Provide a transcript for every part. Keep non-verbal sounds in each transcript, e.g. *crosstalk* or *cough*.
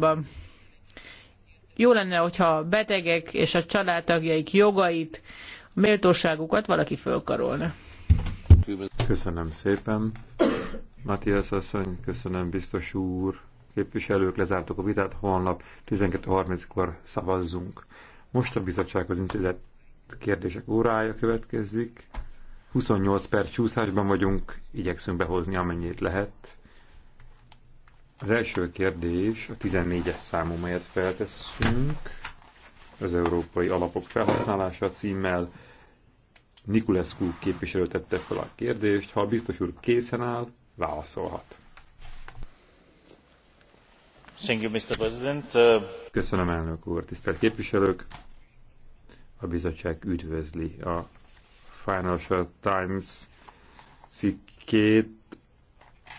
kapcsolatban. Jó lenne, hogyha a betegek és a családtagjaik jogait, méltóságukat valaki fölkarolna. Köszönöm szépen. Matthias asszony, köszönöm biztos úr. Képviselők, lezártuk a vitát, holnap 12.30-kor szavazzunk. Most a bizottsághoz intézett kérdések órája következik. 28 perc csúszásban vagyunk, igyekszünk behozni amennyit lehet. Az első kérdés a 14-es számú, melyet feltesszünk, az Európai Alapok felhasználása címmel. Nikulescu képviselő tette fel a kérdést, ha a biztos úr készen áll, válaszolhat. Thank you, Mr. President. Uh, Köszönöm, elnök úr, tisztelt képviselők! A bizottság üdvözli a Financial Times cikkét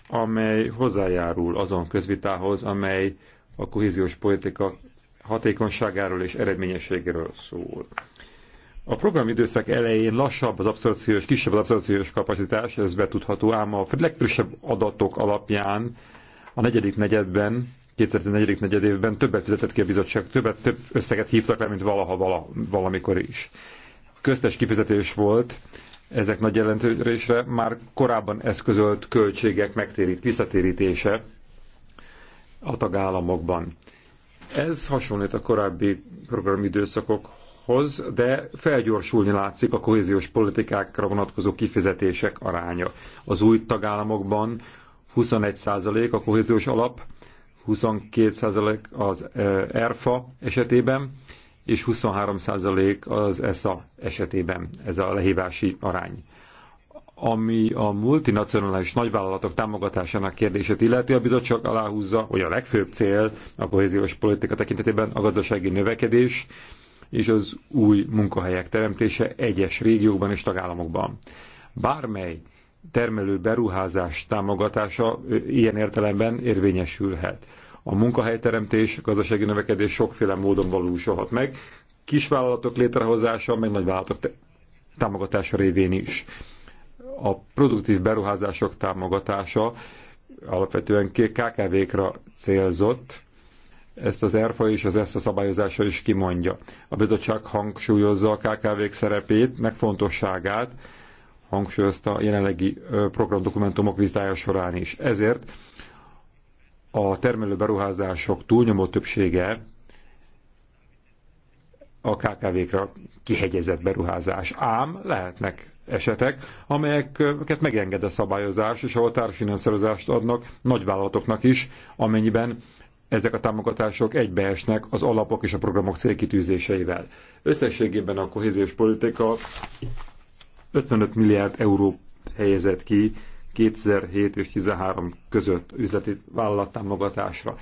amely hozzájárul azon közvitához, amely a kohéziós politika hatékonyságáról és eredményességéről szól. A programidőszak elején lassabb az abszorciós, kisebb az abszorciós kapacitás, ez betudható, ám a legfrissebb adatok alapján a negyedik negyedben, 2004. negyed évben többet fizetett ki a bizottság, többet, több összeget hívtak le, mint valaha vala, valamikor is. Köztes kifizetés volt, ezek nagy jelentősre már korábban eszközölt költségek megtérít, visszatérítése a tagállamokban. Ez hasonlít a korábbi programidőszakokhoz, de felgyorsulni látszik a kohéziós politikákra vonatkozó kifizetések aránya. Az új tagállamokban 21% a kohéziós alap, 22% az ERFA eh, esetében, és 23% az ESA esetében ez a lehívási arány. Ami a multinacionális nagyvállalatok támogatásának kérdését illeti, a bizottság aláhúzza, hogy a legfőbb cél a kohéziós politika tekintetében a gazdasági növekedés és az új munkahelyek teremtése egyes régiókban és tagállamokban. Bármely termelő beruházás támogatása ilyen értelemben érvényesülhet a munkahelyteremtés, a gazdasági növekedés sokféle módon valósulhat meg, kisvállalatok létrehozása, meg nagyvállalatok támogatása révén is. A produktív beruházások támogatása alapvetően KKV-kra célzott, ezt az ERFA és az ESZA szabályozása is kimondja. A bizottság hangsúlyozza a KKV-k szerepét, meg fontosságát, hangsúlyozta a jelenlegi programdokumentumok vizsgája során is. Ezért a termelő beruházások túlnyomó többsége a KKV-kra kihegyezett beruházás. Ám lehetnek esetek, amelyeket megenged a szabályozás, és ahol társfinanszírozást adnak nagyvállalatoknak is, amennyiben ezek a támogatások egybeesnek az alapok és a programok célkitűzéseivel. Összességében a kohéziós politika 55 milliárd euró helyezett ki 2007 és 2013 között üzleti vállalattámogatásra.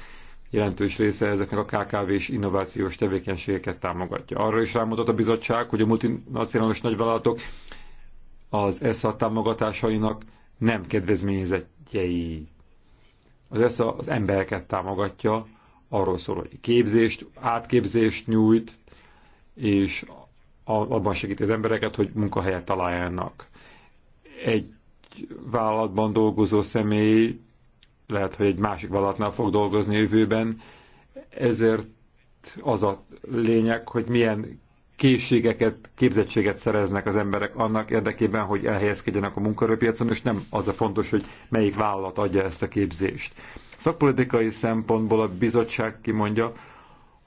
Jelentős része ezeknek a KKV és innovációs tevékenységeket támogatja. Arra is rámutat a bizottság, hogy a multinacionális nagyvállalatok az ESZA támogatásainak nem kedvezményezettjei. Az ESZA az embereket támogatja, arról szól, hogy képzést, átképzést nyújt, és abban segíti az embereket, hogy munkahelyet találjanak. Egy vállalatban dolgozó személy lehet, hogy egy másik vállalatnál fog dolgozni jövőben, ezért az a lényeg, hogy milyen készségeket, képzettséget szereznek az emberek annak érdekében, hogy elhelyezkedjenek a munkaerőpiacon, és nem az a fontos, hogy melyik vállalat adja ezt a képzést. Szakpolitikai szempontból a bizottság kimondja,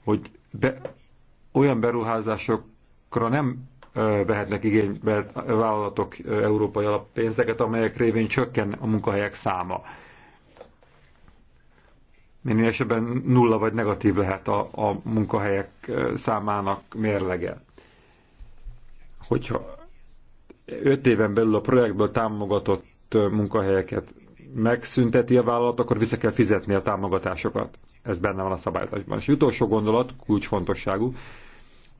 hogy be, olyan beruházásokra nem vehetnek igénybe vállalatok európai alappénzeket, amelyek révén csökken a munkahelyek száma. Minél esetben nulla vagy negatív lehet a, a munkahelyek számának mérlege. Hogyha öt éven belül a projektből támogatott munkahelyeket megszünteti a vállalat, akkor vissza kell fizetni a támogatásokat. Ez benne van a szabályozásban. És utolsó gondolat, kulcsfontosságú,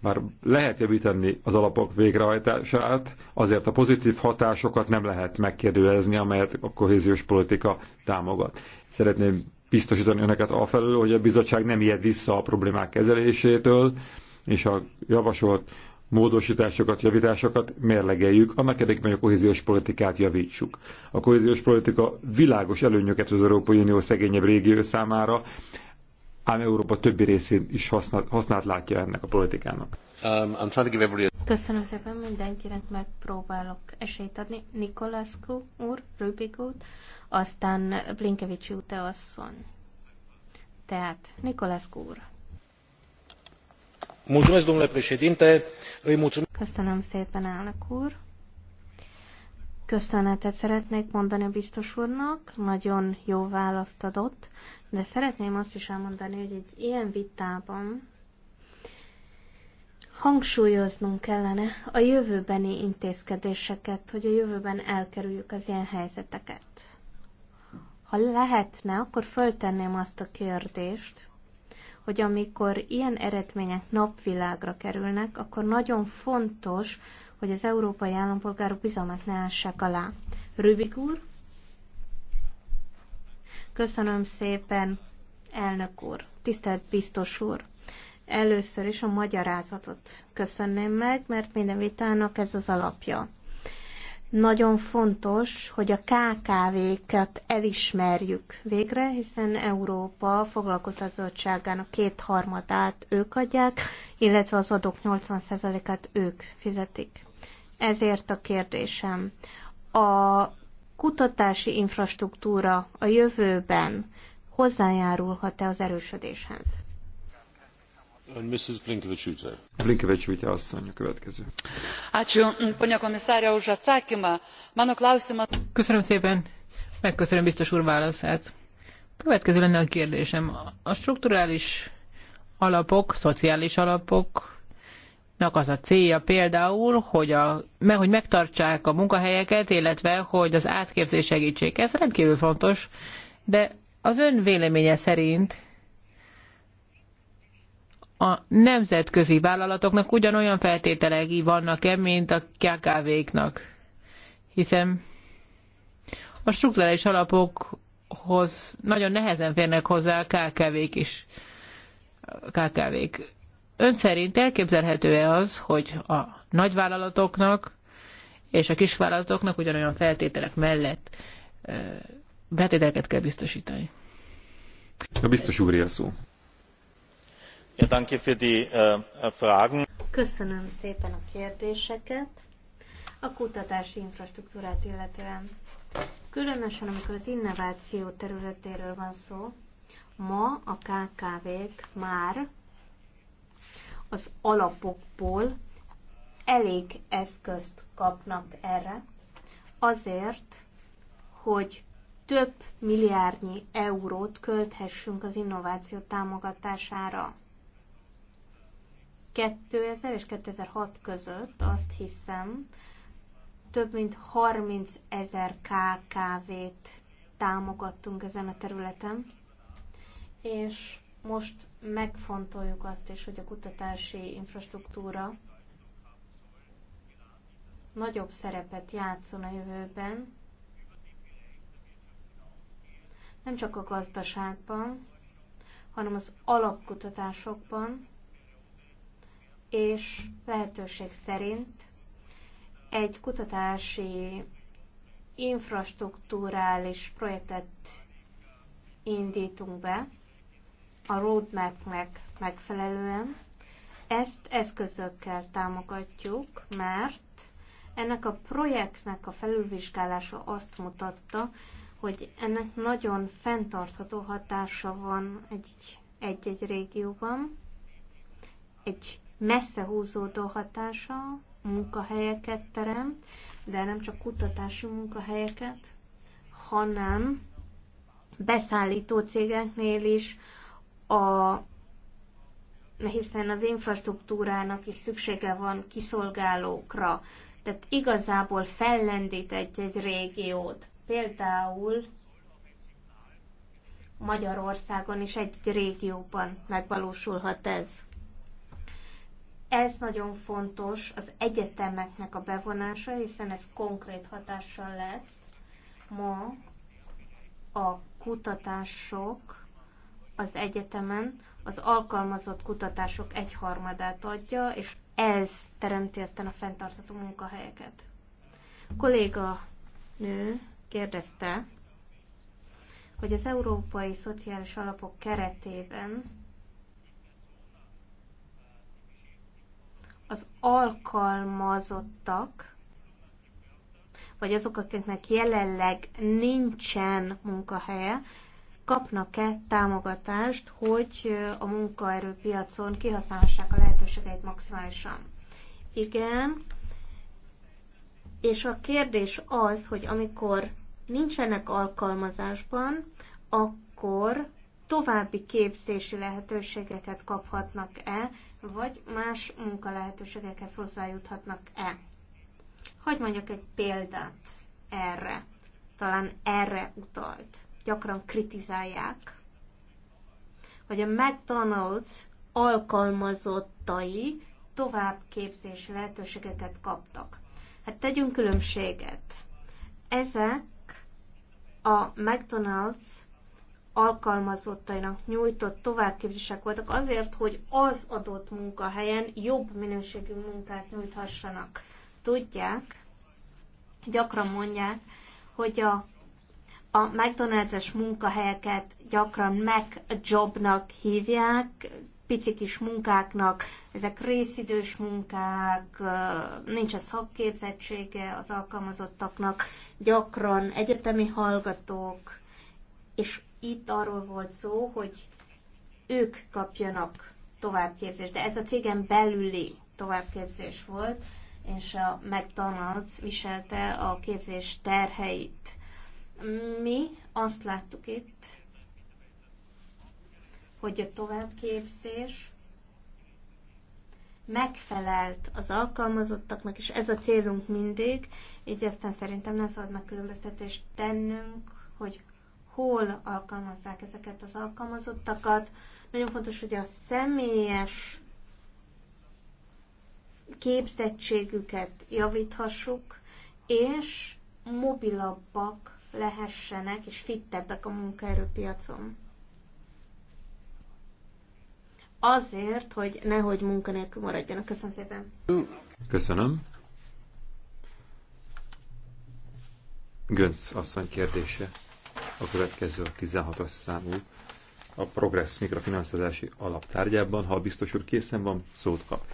már lehet javítani az alapok végrehajtását, azért a pozitív hatásokat nem lehet megkérdőjelezni, amelyet a kohéziós politika támogat. Szeretném biztosítani önöket afelől, hogy a bizottság nem ijed vissza a problémák kezelésétől, és a javasolt módosításokat, javításokat mérlegeljük, annak érdekében, hogy a kohéziós politikát javítsuk. A kohéziós politika világos előnyöket az Európai Unió szegényebb régió számára, ám Európa többi részén is használ, hasznát látja ennek a politikának. Um, I'm to give a... Köszönöm szépen mindenkinek, megpróbálok esélyt adni. Nikolászku úr, Rubik úr, aztán Blinkevics úte asszony. Tehát Nikolászku úr. Köszönöm szépen, elnök úr. Köszönetet szeretnék mondani a biztos úrnak, nagyon jó választ adott, de szeretném azt is elmondani, hogy egy ilyen vitában hangsúlyoznunk kellene a jövőbeni intézkedéseket, hogy a jövőben elkerüljük az ilyen helyzeteket. Ha lehetne, akkor föltenném azt a kérdést, hogy amikor ilyen eredmények napvilágra kerülnek, akkor nagyon fontos, hogy az európai állampolgárok bizalmat ne ássák alá. Rübig úr, köszönöm szépen, elnök úr, tisztelt biztos úr. Először is a magyarázatot köszönném meg, mert minden vitának ez az alapja. Nagyon fontos, hogy a KKV-ket elismerjük végre, hiszen Európa foglalkoztatottságának kétharmadát ők adják, illetve az adók 80%-át ők fizetik ezért a kérdésem. A kutatási infrastruktúra a jövőben hozzájárulhat-e az erősödéshez? Mrs. asszony a következő. Köszönöm szépen. Megköszönöm biztos úr válaszát. Következő lenne a kérdésem. A strukturális alapok, szociális alapok az a célja például, hogy, a, hogy megtartsák a munkahelyeket, illetve hogy az átképzés segítsék. Ez rendkívül fontos, de az ön véleménye szerint a nemzetközi vállalatoknak ugyanolyan feltételei vannak-e, mint a KKV-knak? Hiszen a struktúrális alapokhoz nagyon nehezen férnek hozzá a KKV-k is. KKV-k. Ön szerint elképzelhető-e az, hogy a nagyvállalatoknak és a kisvállalatoknak ugyanolyan feltételek mellett betételeket kell biztosítani? A biztos úr a szó. Köszönöm szépen a kérdéseket. A kutatási infrastruktúrát illetően. Különösen, amikor az innováció területéről van szó, ma a KKV-k már az alapokból elég eszközt kapnak erre, azért, hogy több milliárdnyi eurót költhessünk az innováció támogatására. 2000 és 2006 között azt hiszem, több mint 30 ezer KKV-t támogattunk ezen a területen, és most megfontoljuk azt is, hogy a kutatási infrastruktúra nagyobb szerepet játszon a jövőben, nem csak a gazdaságban, hanem az alapkutatásokban, és lehetőség szerint egy kutatási infrastruktúrális projektet indítunk be, a roadmapnek megfelelően. Ezt eszközökkel támogatjuk, mert ennek a projektnek a felülvizsgálása azt mutatta, hogy ennek nagyon fenntartható hatása van egy-egy régióban, egy messze húzódó hatása, munkahelyeket terem, de nem csak kutatási munkahelyeket, hanem beszállító cégeknél is, a hiszen az infrastruktúrának is szüksége van kiszolgálókra. Tehát igazából fellendít egy-egy régiót. Például Magyarországon is egy régióban megvalósulhat ez. Ez nagyon fontos az egyetemeknek a bevonása, hiszen ez konkrét hatással lesz ma a kutatások az egyetemen az alkalmazott kutatások egyharmadát adja, és ez teremti aztán a fenntartható munkahelyeket. A kolléga nő kérdezte, hogy az Európai Szociális Alapok keretében az alkalmazottak, vagy azok, akiknek jelenleg nincsen munkahelye, kapnak-e támogatást, hogy a munkaerőpiacon kihasználhassák a lehetőségeit maximálisan. Igen, és a kérdés az, hogy amikor nincsenek alkalmazásban, akkor további képzési lehetőségeket kaphatnak-e, vagy más munkalehetőségekhez hozzájuthatnak-e. Hogy mondjak egy példát erre? Talán erre utalt gyakran kritizálják, hogy a McDonald's alkalmazottai továbbképzési lehetőségeket kaptak. Hát tegyünk különbséget. Ezek a McDonald's alkalmazottainak nyújtott továbbképzések voltak azért, hogy az adott munkahelyen jobb minőségű munkát nyújthassanak. Tudják, gyakran mondják, hogy a a McDonald's-es munkahelyeket gyakran McJobnak hívják, pici kis munkáknak, ezek részidős munkák, nincs a szakképzettsége az alkalmazottaknak, gyakran egyetemi hallgatók, és itt arról volt szó, hogy ők kapjanak továbbképzést, de ez a cégen belüli továbbképzés volt, és a McDonald's viselte a képzés terheit mi azt láttuk itt, hogy a továbbképzés megfelelt az alkalmazottaknak, és ez a célunk mindig, így aztán szerintem nem szabad megkülönböztetést tennünk, hogy hol alkalmazzák ezeket az alkalmazottakat. Nagyon fontos, hogy a személyes képzettségüket javíthassuk, és mobilabbak lehessenek és fittebbek a munkaerőpiacon. Azért, hogy nehogy munkanélkül maradjanak. Köszönöm szépen. Köszönöm. Gönc asszony kérdése a következő 16-as számú a Progress mikrofinanszírozási alaptárgyában. Ha a biztos úr készen van, szót kap.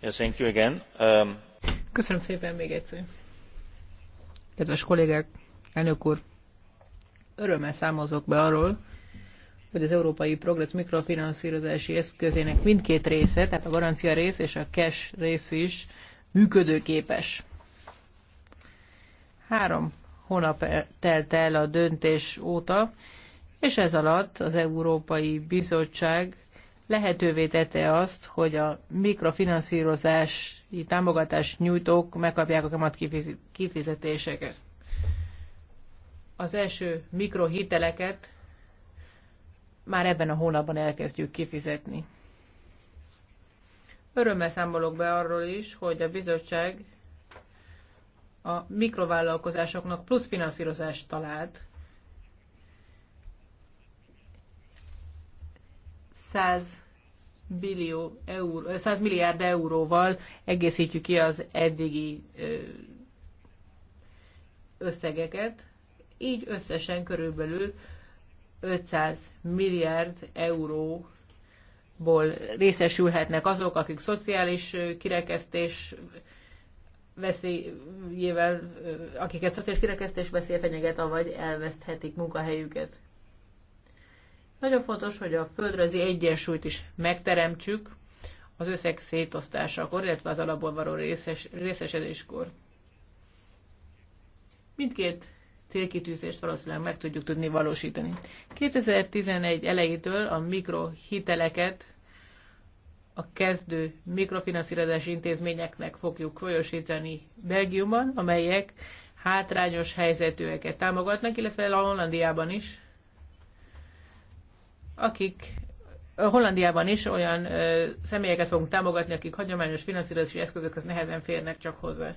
Yes, thank you again. Um... Köszönöm szépen még egyszer. Kedves kollégák, elnök úr, örömmel számozok be arról, hogy az Európai Progress mikrofinanszírozási eszközének mindkét része, tehát a garancia rész és a cash rész is működőképes. Három hónap telt el a döntés óta, és ez alatt az Európai Bizottság lehetővé tette azt, hogy a mikrofinanszírozási támogatás nyújtók megkapják a kamat kifizetéseket. Az első mikrohiteleket már ebben a hónapban elkezdjük kifizetni. Örömmel számolok be arról is, hogy a bizottság a mikrovállalkozásoknak plusz finanszírozást talált 100 billió euró, 100 milliárd euróval egészítjük ki az eddigi összegeket, így összesen körülbelül 500 milliárd euróból részesülhetnek azok, akik szociális kirekesztés veszélyével, akiket szociális kirekesztés veszély fenyeget, avagy elveszthetik munkahelyüket. Nagyon fontos, hogy a földrajzi egyensúlyt is megteremtsük az összeg szétosztásakor, illetve az alapból való részes, részesedéskor. Mindkét célkitűzést valószínűleg meg tudjuk tudni valósítani. 2011 elejétől a mikrohiteleket a kezdő mikrofinanszírozási intézményeknek fogjuk folyosítani Belgiumban, amelyek hátrányos helyzetűeket támogatnak, illetve a Hollandiában is akik Hollandiában is olyan ö, személyeket fogunk támogatni, akik hagyományos finanszírozási eszközökhez nehezen férnek csak hozzá.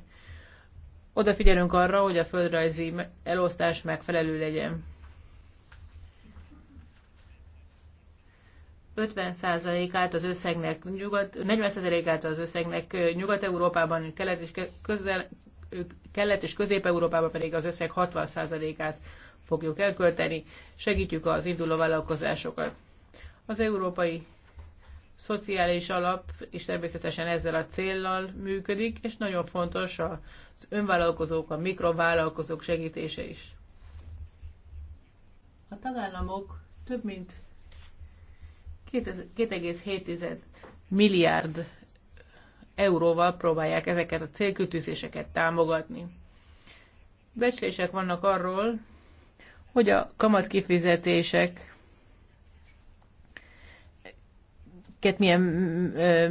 Odafigyelünk arra, hogy a földrajzi elosztás megfelelő legyen. 50%-át az összegnek, nyugat, 40%-át az összegnek Nyugat-Európában, Kelet és, közel, Kelet és Közép-Európában pedig az összeg 60%-át fogjuk elkölteni, segítjük az induló vállalkozásokat. Az Európai Szociális Alap is természetesen ezzel a céllal működik, és nagyon fontos az önvállalkozók, a mikrovállalkozók segítése is. A tagállamok több mint 2,7 milliárd euróval próbálják ezeket a célkütőzéseket támogatni. Becslések vannak arról, hogy a kamatkifizetések milyen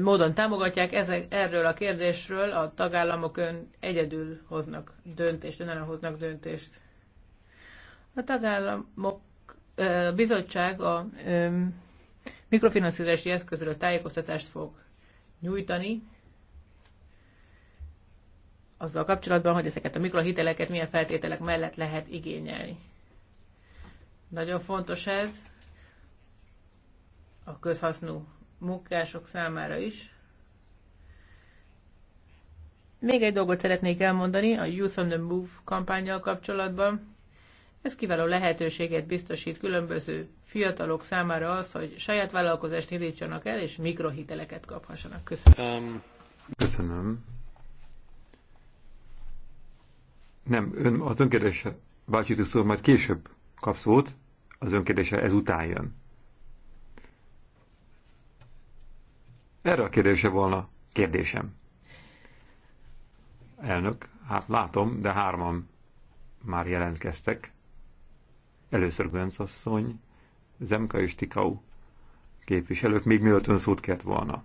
módon támogatják, ezek, erről a kérdésről a tagállamok ön egyedül hoznak döntést, önállóan hoznak döntést. A tagállamok, a bizottság a mikrofinanszírozási eszközről tájékoztatást fog nyújtani, azzal kapcsolatban, hogy ezeket a mikrohiteleket milyen feltételek mellett lehet igényelni. Nagyon fontos ez a közhasznú munkások számára is. Még egy dolgot szeretnék elmondani a Youth on the Move kampányjal kapcsolatban. Ez kiváló lehetőséget biztosít különböző fiatalok számára az, hogy saját vállalkozást indítsanak el, és mikrohiteleket kaphassanak. Köszönöm. Um, köszönöm. Nem, ön az önkérdése, Bácsi szó, majd később kap szót, az önkérdése ezután jön. Erre a kérdése volna kérdésem. Elnök, hát látom, de hárman már jelentkeztek. Először Gönc asszony, Zemka és Tikau képviselők, még mielőtt ön szót kért volna.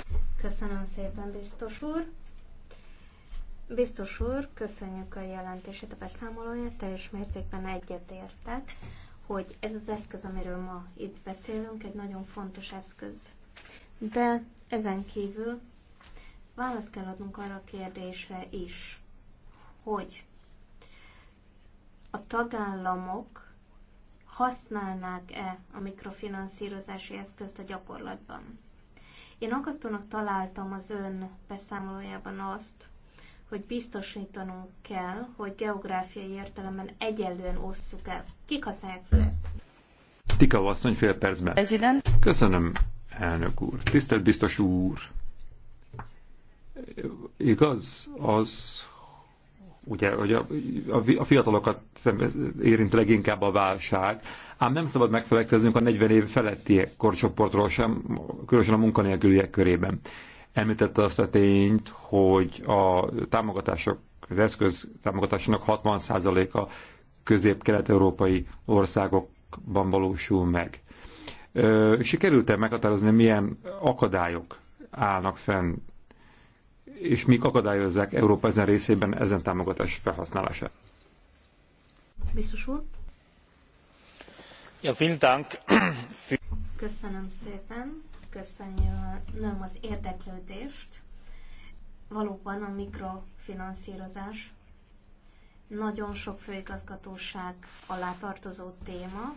Köszönöm szépen, biztos úr. Biztos úr, köszönjük a jelentését, a beszámolóját, teljes mértékben egyetértek, hogy ez az eszköz, amiről ma itt beszélünk, egy nagyon fontos eszköz. De ezen kívül választ kell adnunk arra a kérdésre is, hogy a tagállamok használnák-e a mikrofinanszírozási eszközt a gyakorlatban. Én akasztónak találtam az ön beszámolójában azt, hogy biztosítanunk kell, hogy geográfiai értelemben egyenlően osszuk el. Kik használják fel ezt? Tika asszony fél percben. President. Köszönöm, elnök úr. Tisztelt biztos úr. Igaz az, ugye, hogy a, a, a fiatalokat érint leginkább a válság, Ám nem szabad megfelelkeznünk a 40 év feletti korcsoportról sem, különösen a munkanélküliek körében. Említette azt a tényt, hogy a támogatások, az eszköz támogatásának 60%-a közép-kelet-európai országokban valósul meg. Sikerült-e meghatározni, milyen akadályok állnak fenn, és mik akadályozzák Európa ezen részében ezen támogatás felhasználását? Biztos úr? Köszönöm szépen, köszönöm az érdeklődést. Valóban a mikrofinanszírozás nagyon sok főigazgatóság alá tartozó téma,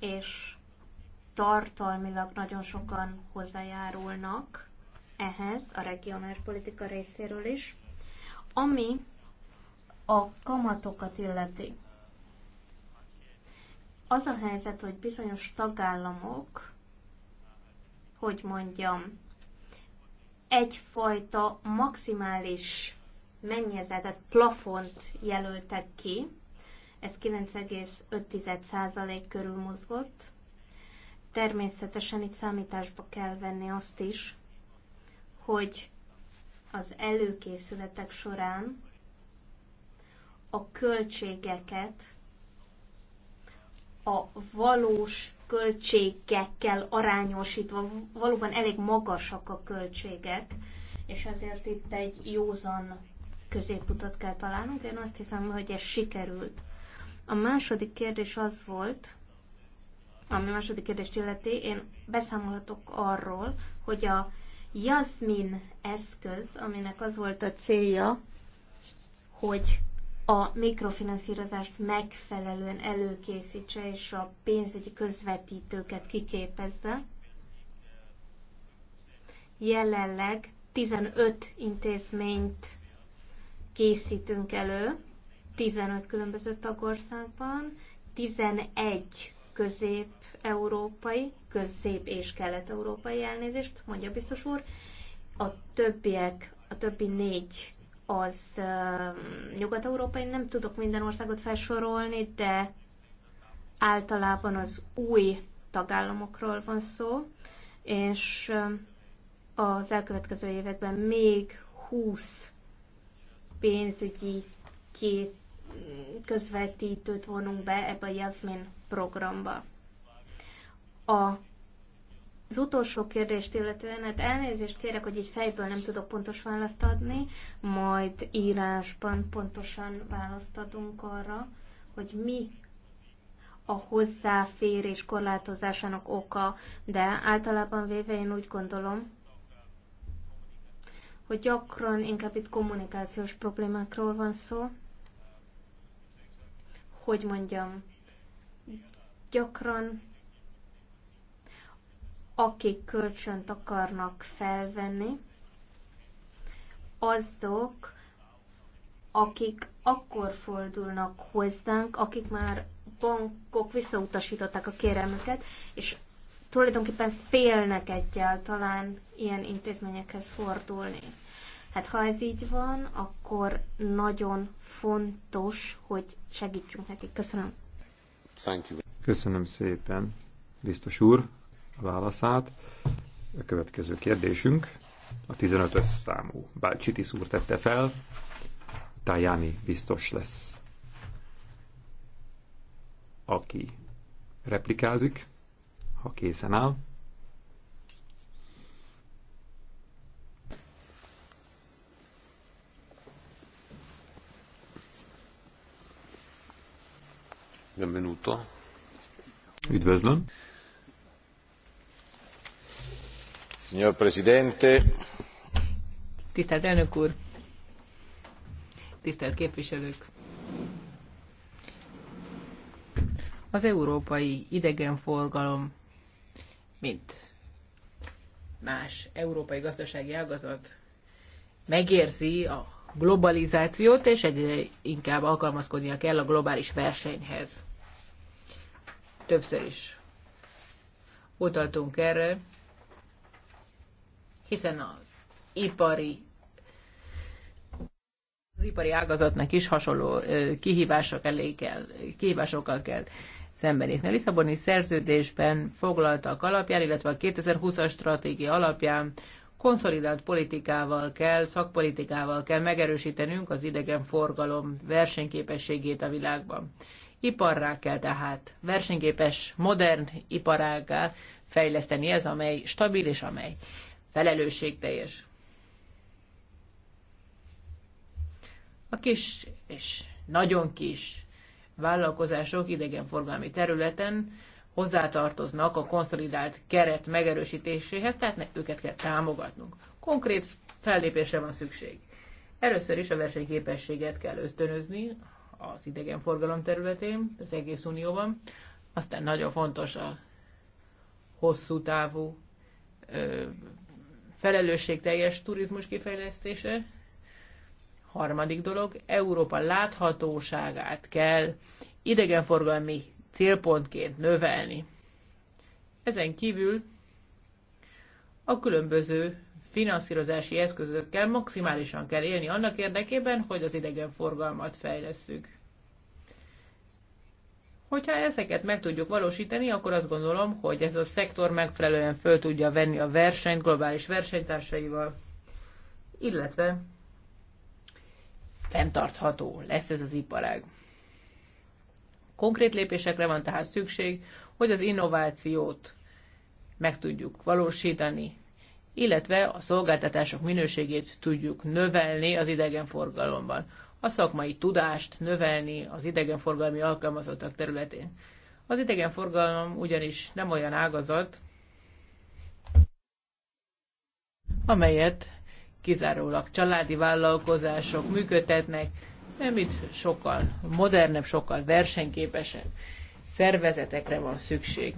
és tartalmilag nagyon sokan hozzájárulnak ehhez a regionális politika részéről is, ami a kamatokat illeti az a helyzet, hogy bizonyos tagállamok, hogy mondjam, egyfajta maximális mennyezetet, plafont jelöltek ki, ez 9,5% körül mozgott. Természetesen itt számításba kell venni azt is, hogy az előkészületek során a költségeket a valós költségekkel arányosítva valóban elég magasak a költségek, és ezért itt egy józan középutat kell találnunk. Én azt hiszem, hogy ez sikerült. A második kérdés az volt, ami második kérdést illeti, én beszámolhatok arról, hogy a Jasmin eszköz, aminek az volt a célja, hogy a mikrofinanszírozást megfelelően előkészítse, és a pénzügyi közvetítőket kiképezze. Jelenleg 15 intézményt készítünk elő, 15 különböző tagországban, 11 közép-európai, közép- és kelet-európai elnézést, mondja biztos úr, a többiek, a többi négy az nyugat-európai, nem tudok minden országot felsorolni, de általában az új tagállamokról van szó, és az elkövetkező években még 20 pénzügyi két közvetítőt vonunk be ebbe a Jasmin programba. A az utolsó kérdést illetően, hát elnézést kérek, hogy így fejből nem tudok pontos választ adni, majd írásban pontosan választ adunk arra, hogy mi a hozzáférés korlátozásának oka, de általában véve én úgy gondolom, hogy gyakran inkább itt kommunikációs problémákról van szó. Hogy mondjam, gyakran akik kölcsönt akarnak felvenni, azok, akik akkor fordulnak hozzánk, akik már bankok visszautasították a kérelmüket, és tulajdonképpen félnek egyáltalán ilyen intézményekhez fordulni. Hát ha ez így van, akkor nagyon fontos, hogy segítsünk nekik. Köszönöm. Thank you. Köszönöm szépen, biztos úr válaszát. A következő kérdésünk a 15-ös számú. Bár Csitis úr tette fel, Tajani biztos lesz, aki replikázik, ha készen áll. Benvenuto. Üdvözlöm. Tisztelt elnök úr! Tisztelt képviselők! Az európai idegenforgalom, mint más európai gazdasági ágazat, megérzi a globalizációt, és egyre inkább alkalmazkodnia kell a globális versenyhez. Többször is utaltunk erre, hiszen az ipari az ipari ágazatnak is hasonló kihívások elé kell, kihívásokkal kell szembenézni. A Lisszaboni szerződésben foglaltak alapján, illetve a 2020-as stratégia alapján konszolidált politikával kell, szakpolitikával kell megerősítenünk az idegenforgalom versenyképességét a világban. Iparrá kell tehát versenyképes, modern iparággá fejleszteni ez, amely stabil és amely felelősségteljes. A kis és nagyon kis vállalkozások idegenforgalmi területen hozzátartoznak a konszolidált keret megerősítéséhez, tehát ne, őket kell támogatnunk. Konkrét fellépésre van szükség. Először is a versenyképességet kell ösztönözni az idegenforgalom területén, az egész unióban. Aztán nagyon fontos a hosszú távú ö, felelősségteljes turizmus kifejlesztése. Harmadik dolog, Európa láthatóságát kell idegenforgalmi célpontként növelni. Ezen kívül a különböző finanszírozási eszközökkel maximálisan kell élni annak érdekében, hogy az idegenforgalmat fejlesszük. Hogyha ezeket meg tudjuk valósítani, akkor azt gondolom, hogy ez a szektor megfelelően föl tudja venni a versenyt globális versenytársaival, illetve fenntartható lesz ez az iparág. Konkrét lépésekre van tehát szükség, hogy az innovációt meg tudjuk valósítani, illetve a szolgáltatások minőségét tudjuk növelni az idegenforgalomban a szakmai tudást növelni az idegenforgalmi alkalmazottak területén. Az idegenforgalom ugyanis nem olyan ágazat, amelyet kizárólag családi vállalkozások működtetnek, nem itt sokkal modernebb, sokkal versenyképesebb szervezetekre van szükség.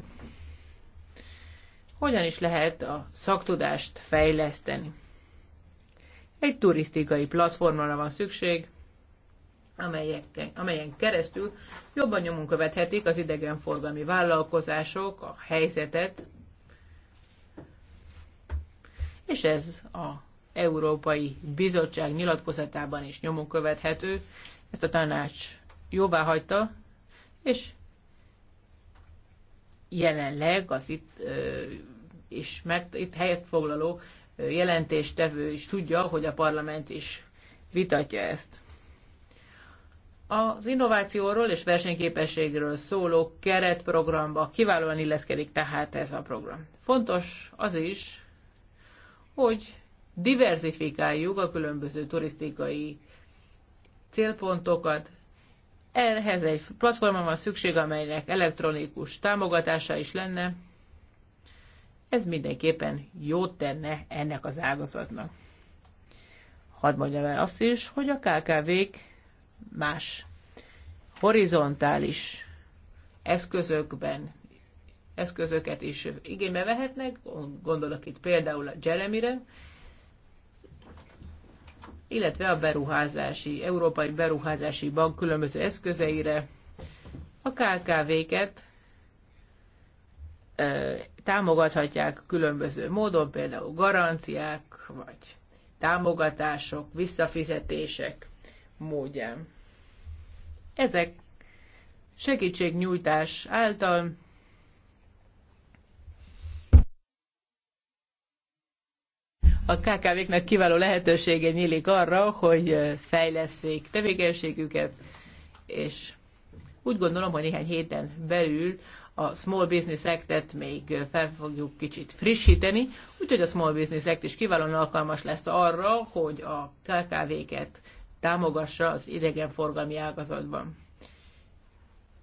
Hogyan is lehet a szaktudást fejleszteni? Egy turisztikai platformra van szükség, amelyen keresztül jobban nyomon követhetik az idegenforgalmi vállalkozások a helyzetet, és ez a Európai Bizottság nyilatkozatában is nyomon követhető. Ezt a tanács jóvá hagyta, és jelenleg az itt, és meg, itt helyet foglaló jelentéstevő is tudja, hogy a parlament is vitatja ezt az innovációról és versenyképességről szóló keretprogramba kiválóan illeszkedik tehát ez a program. Fontos az is, hogy diversifikáljuk a különböző turisztikai célpontokat. Ehhez egy platforma van szükség, amelynek elektronikus támogatása is lenne. Ez mindenképpen jót tenne ennek az ágazatnak. Hadd mondjam el azt is, hogy a KKV-k más horizontális eszközökben eszközöket is igénybe vehetnek, gondolok itt például a Jeremire, illetve a beruházási, Európai Beruházási Bank különböző eszközeire, a KKV-ket támogathatják különböző módon, például garanciák, vagy támogatások, visszafizetések, módján. Ezek segítségnyújtás által a KKV-knek kiváló lehetősége nyílik arra, hogy fejleszék tevékenységüket, és úgy gondolom, hogy néhány héten belül a Small Business Act-et még fel fogjuk kicsit frissíteni, úgyhogy a Small Business Act is kiválóan alkalmas lesz arra, hogy a KKV-ket támogassa az idegenforgalmi ágazatban.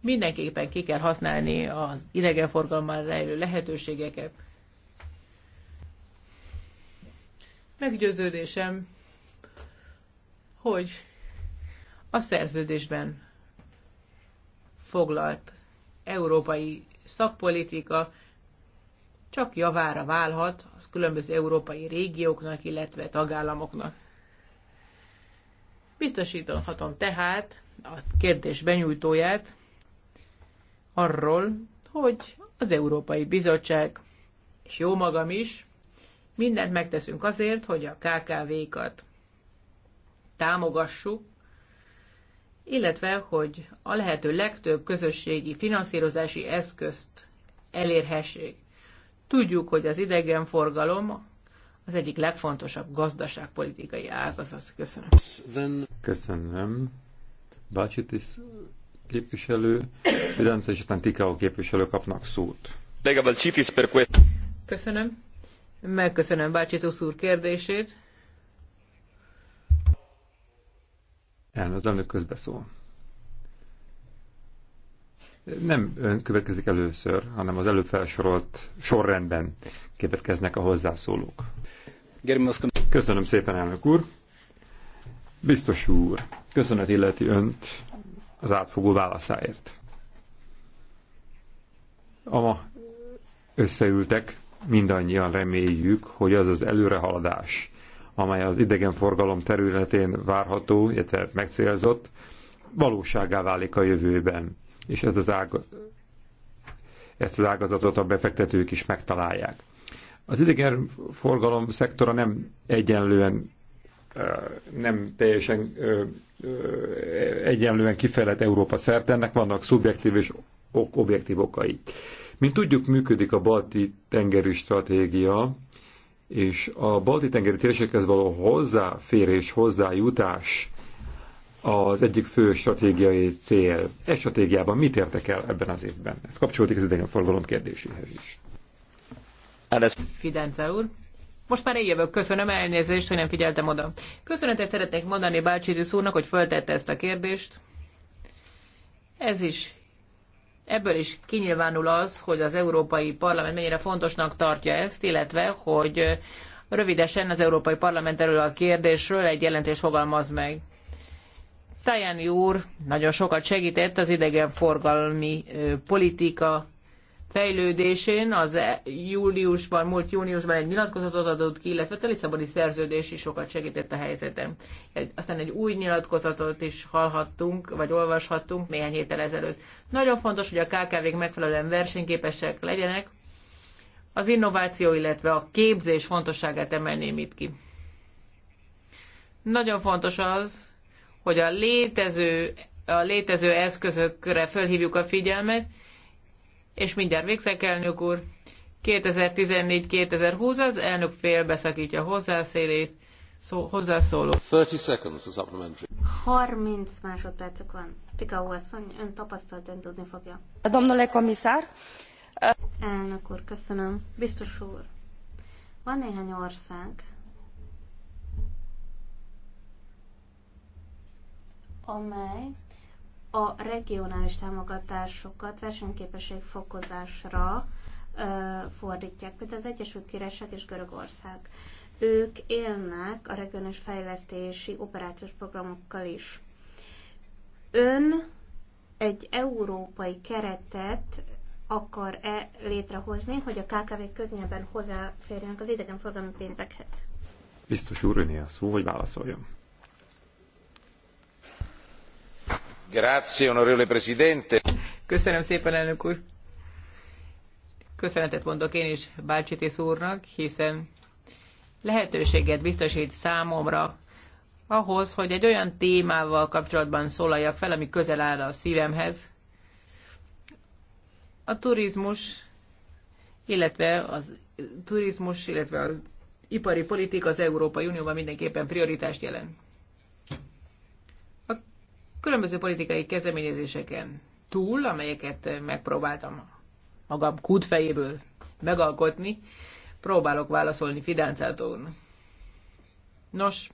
Mindenképpen ki kell használni az idegenforgalmán rejlő lehetőségeket. Meggyőződésem, hogy a szerződésben foglalt európai szakpolitika csak javára válhat az különböző európai régióknak, illetve tagállamoknak. Biztosíthatom tehát a kérdés benyújtóját arról, hogy az Európai Bizottság, és jó magam is, mindent megteszünk azért, hogy a KKV-kat támogassuk, illetve, hogy a lehető legtöbb közösségi finanszírozási eszközt elérhessék. Tudjuk, hogy az idegenforgalom az egyik legfontosabb gazdaságpolitikai ágazat. Köszönöm. Köszönöm. Bácsitis képviselő, Firenze és aztán Tikao képviselő kapnak szót. Köszönöm. Megköszönöm Bácsitis úr kérdését. Elnök, az elnök közbeszól. Nem ön következik először, hanem az előbb felsorolt sorrendben Következnek a hozzászólók. Köszönöm szépen, elnök úr. Biztos úr, köszönet illeti önt az átfogó válaszáért. A ma összeültek, mindannyian reméljük, hogy az az előrehaladás, amely az idegenforgalom területén várható, illetve megcélzott, valóságá válik a jövőben, és ez az ág, ezt az ágazatot a befektetők is megtalálják. Az idegenforgalom szektora nem egyenlően nem teljesen egyenlően kifejlett Európa szerte, ennek vannak szubjektív és objektív okai. Mint tudjuk, működik a balti tengeri stratégia, és a balti tengeri térséghez való hozzáférés, hozzájutás az egyik fő stratégiai cél. E stratégiában mit értek el ebben az évben? Ez kapcsolódik az idegenforgalom kérdéséhez is. Fidenza úr. Most már én jövök, köszönöm elnézést, hogy nem figyeltem oda. Köszönetet szeretnék mondani Bácsidűsz úrnak, hogy föltette ezt a kérdést. Ez is, ebből is kinyilvánul az, hogy az Európai Parlament mennyire fontosnak tartja ezt, illetve, hogy rövidesen az Európai Parlament erről a kérdésről egy jelentést fogalmaz meg. Tajani úr nagyon sokat segített az idegenforgalmi politika fejlődésén az e- júliusban, múlt júniusban egy nyilatkozatot adott ki, illetve a Lisszaboni szerződés is sokat segített a helyzeten. Aztán egy új nyilatkozatot is hallhattunk, vagy olvashattunk néhány héttel ezelőtt. Nagyon fontos, hogy a KKV-k megfelelően versenyképesek legyenek, az innováció, illetve a képzés fontosságát emelném itt ki. Nagyon fontos az, hogy a létező, a létező eszközökre fölhívjuk a figyelmet, és mindjárt végzek, elnök úr. 2014-2020 az elnök félbeszakítja hozzászélét, szó, hozzászóló. 30 seconds for supplementary. 30 másodpercük van. Tika asszony, ön tapasztalt ön tudni fogja. Domnule komisár. Elnök úr, köszönöm. Biztos úr. Van néhány ország, amely a regionális támogatásokat versenyképesség fokozásra fordítják, például az Egyesült Királyság és Görögország. Ők élnek a regionális fejlesztési operációs programokkal is. Ön egy európai keretet akar-e létrehozni, hogy a KKV könnyebben hozzáférjenek az idegenforgalmi pénzekhez? Biztos úr, a szó, hogy válaszoljon. Köszönöm szépen, elnök úr. Köszönetet mondok én is Bácsitész úrnak, hiszen lehetőséget biztosít számomra ahhoz, hogy egy olyan témával kapcsolatban szólaljak fel, ami közel áll a szívemhez. A turizmus, illetve az turizmus, illetve az ipari politika az Európai Unióban mindenképpen prioritást jelent különböző politikai kezdeményezéseken túl, amelyeket megpróbáltam magam kútfejéből megalkotni, próbálok válaszolni Fidáncátón. Nos,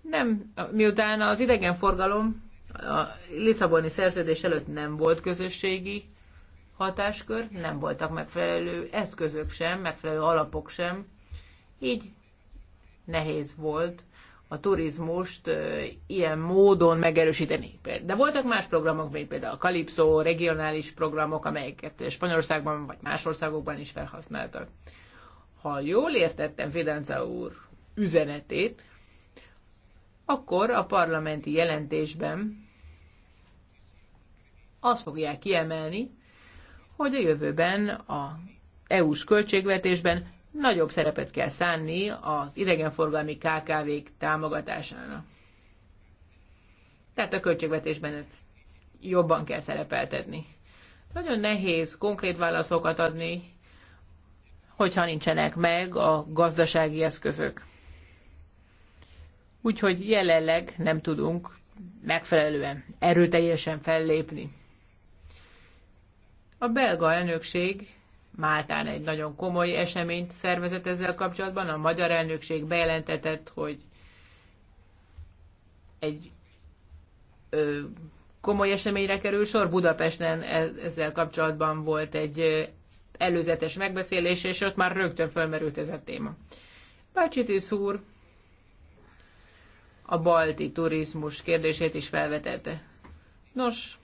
nem, miután az idegenforgalom a Lisszaboni szerződés előtt nem volt közösségi hatáskör, nem voltak megfelelő eszközök sem, megfelelő alapok sem, így nehéz volt a turizmust ilyen módon megerősíteni. De voltak más programok, mint például a Kalipszó, regionális programok, amelyeket Spanyolországban vagy más országokban is felhasználtak. Ha jól értettem Fidanca úr üzenetét, akkor a parlamenti jelentésben azt fogják kiemelni, hogy a jövőben a EU-s költségvetésben nagyobb szerepet kell szánni az idegenforgalmi KKV-k támogatásának. Tehát a költségvetésben ezt jobban kell szerepeltetni. Nagyon nehéz konkrét válaszokat adni, hogyha nincsenek meg a gazdasági eszközök. Úgyhogy jelenleg nem tudunk megfelelően, erőteljesen fellépni. A belga elnökség Máltán egy nagyon komoly eseményt szervezett ezzel kapcsolatban. A magyar elnökség bejelentetett, hogy egy ö, komoly eseményre kerül sor. Budapesten e, ezzel kapcsolatban volt egy előzetes megbeszélés, és ott már rögtön fölmerült ez a téma. Bácsitis úr a balti turizmus kérdését is felvetette. Nos,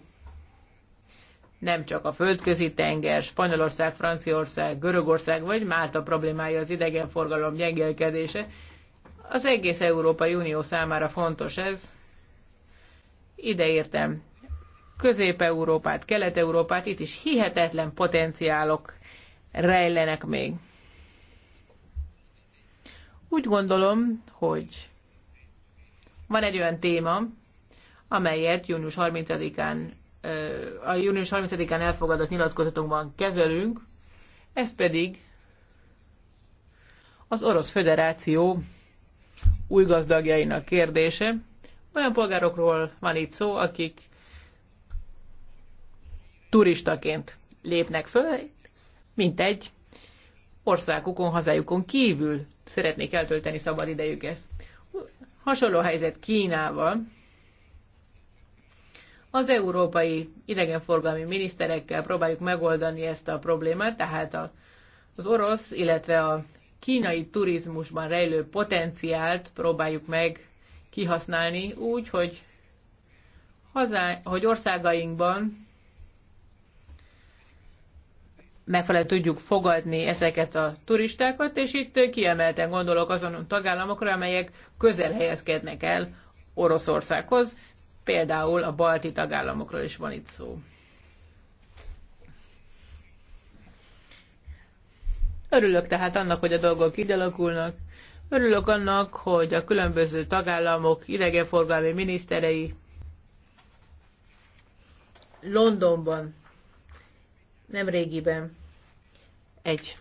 nem csak a földközi tenger, Spanyolország, Franciaország, Görögország vagy Málta problémája az idegenforgalom gyengelkedése. Az egész Európai Unió számára fontos ez. Ide értem Közép-Európát, Kelet-Európát, itt is hihetetlen potenciálok rejlenek még. Úgy gondolom, hogy van egy olyan téma, amelyet június 30-án a június 30-án elfogadott nyilatkozatunkban kezelünk, ez pedig az Orosz Föderáció új gazdagjainak kérdése. Olyan polgárokról van itt szó, akik turistaként lépnek föl, mint egy országukon, hazájukon kívül szeretnék eltölteni szabad idejüket. Hasonló helyzet Kínával, az európai idegenforgalmi miniszterekkel próbáljuk megoldani ezt a problémát, tehát az orosz, illetve a kínai turizmusban rejlő potenciált próbáljuk meg kihasználni úgy, hogy, hazá, hogy országainkban megfelelően tudjuk fogadni ezeket a turistákat, és itt kiemelten gondolok azon tagállamokra, amelyek közel helyezkednek el Oroszországhoz. Például a balti tagállamokról is van itt szó. Örülök tehát annak, hogy a dolgok így alakulnak. Örülök annak, hogy a különböző tagállamok idegenforgalmi miniszterei Londonban nem régiben egy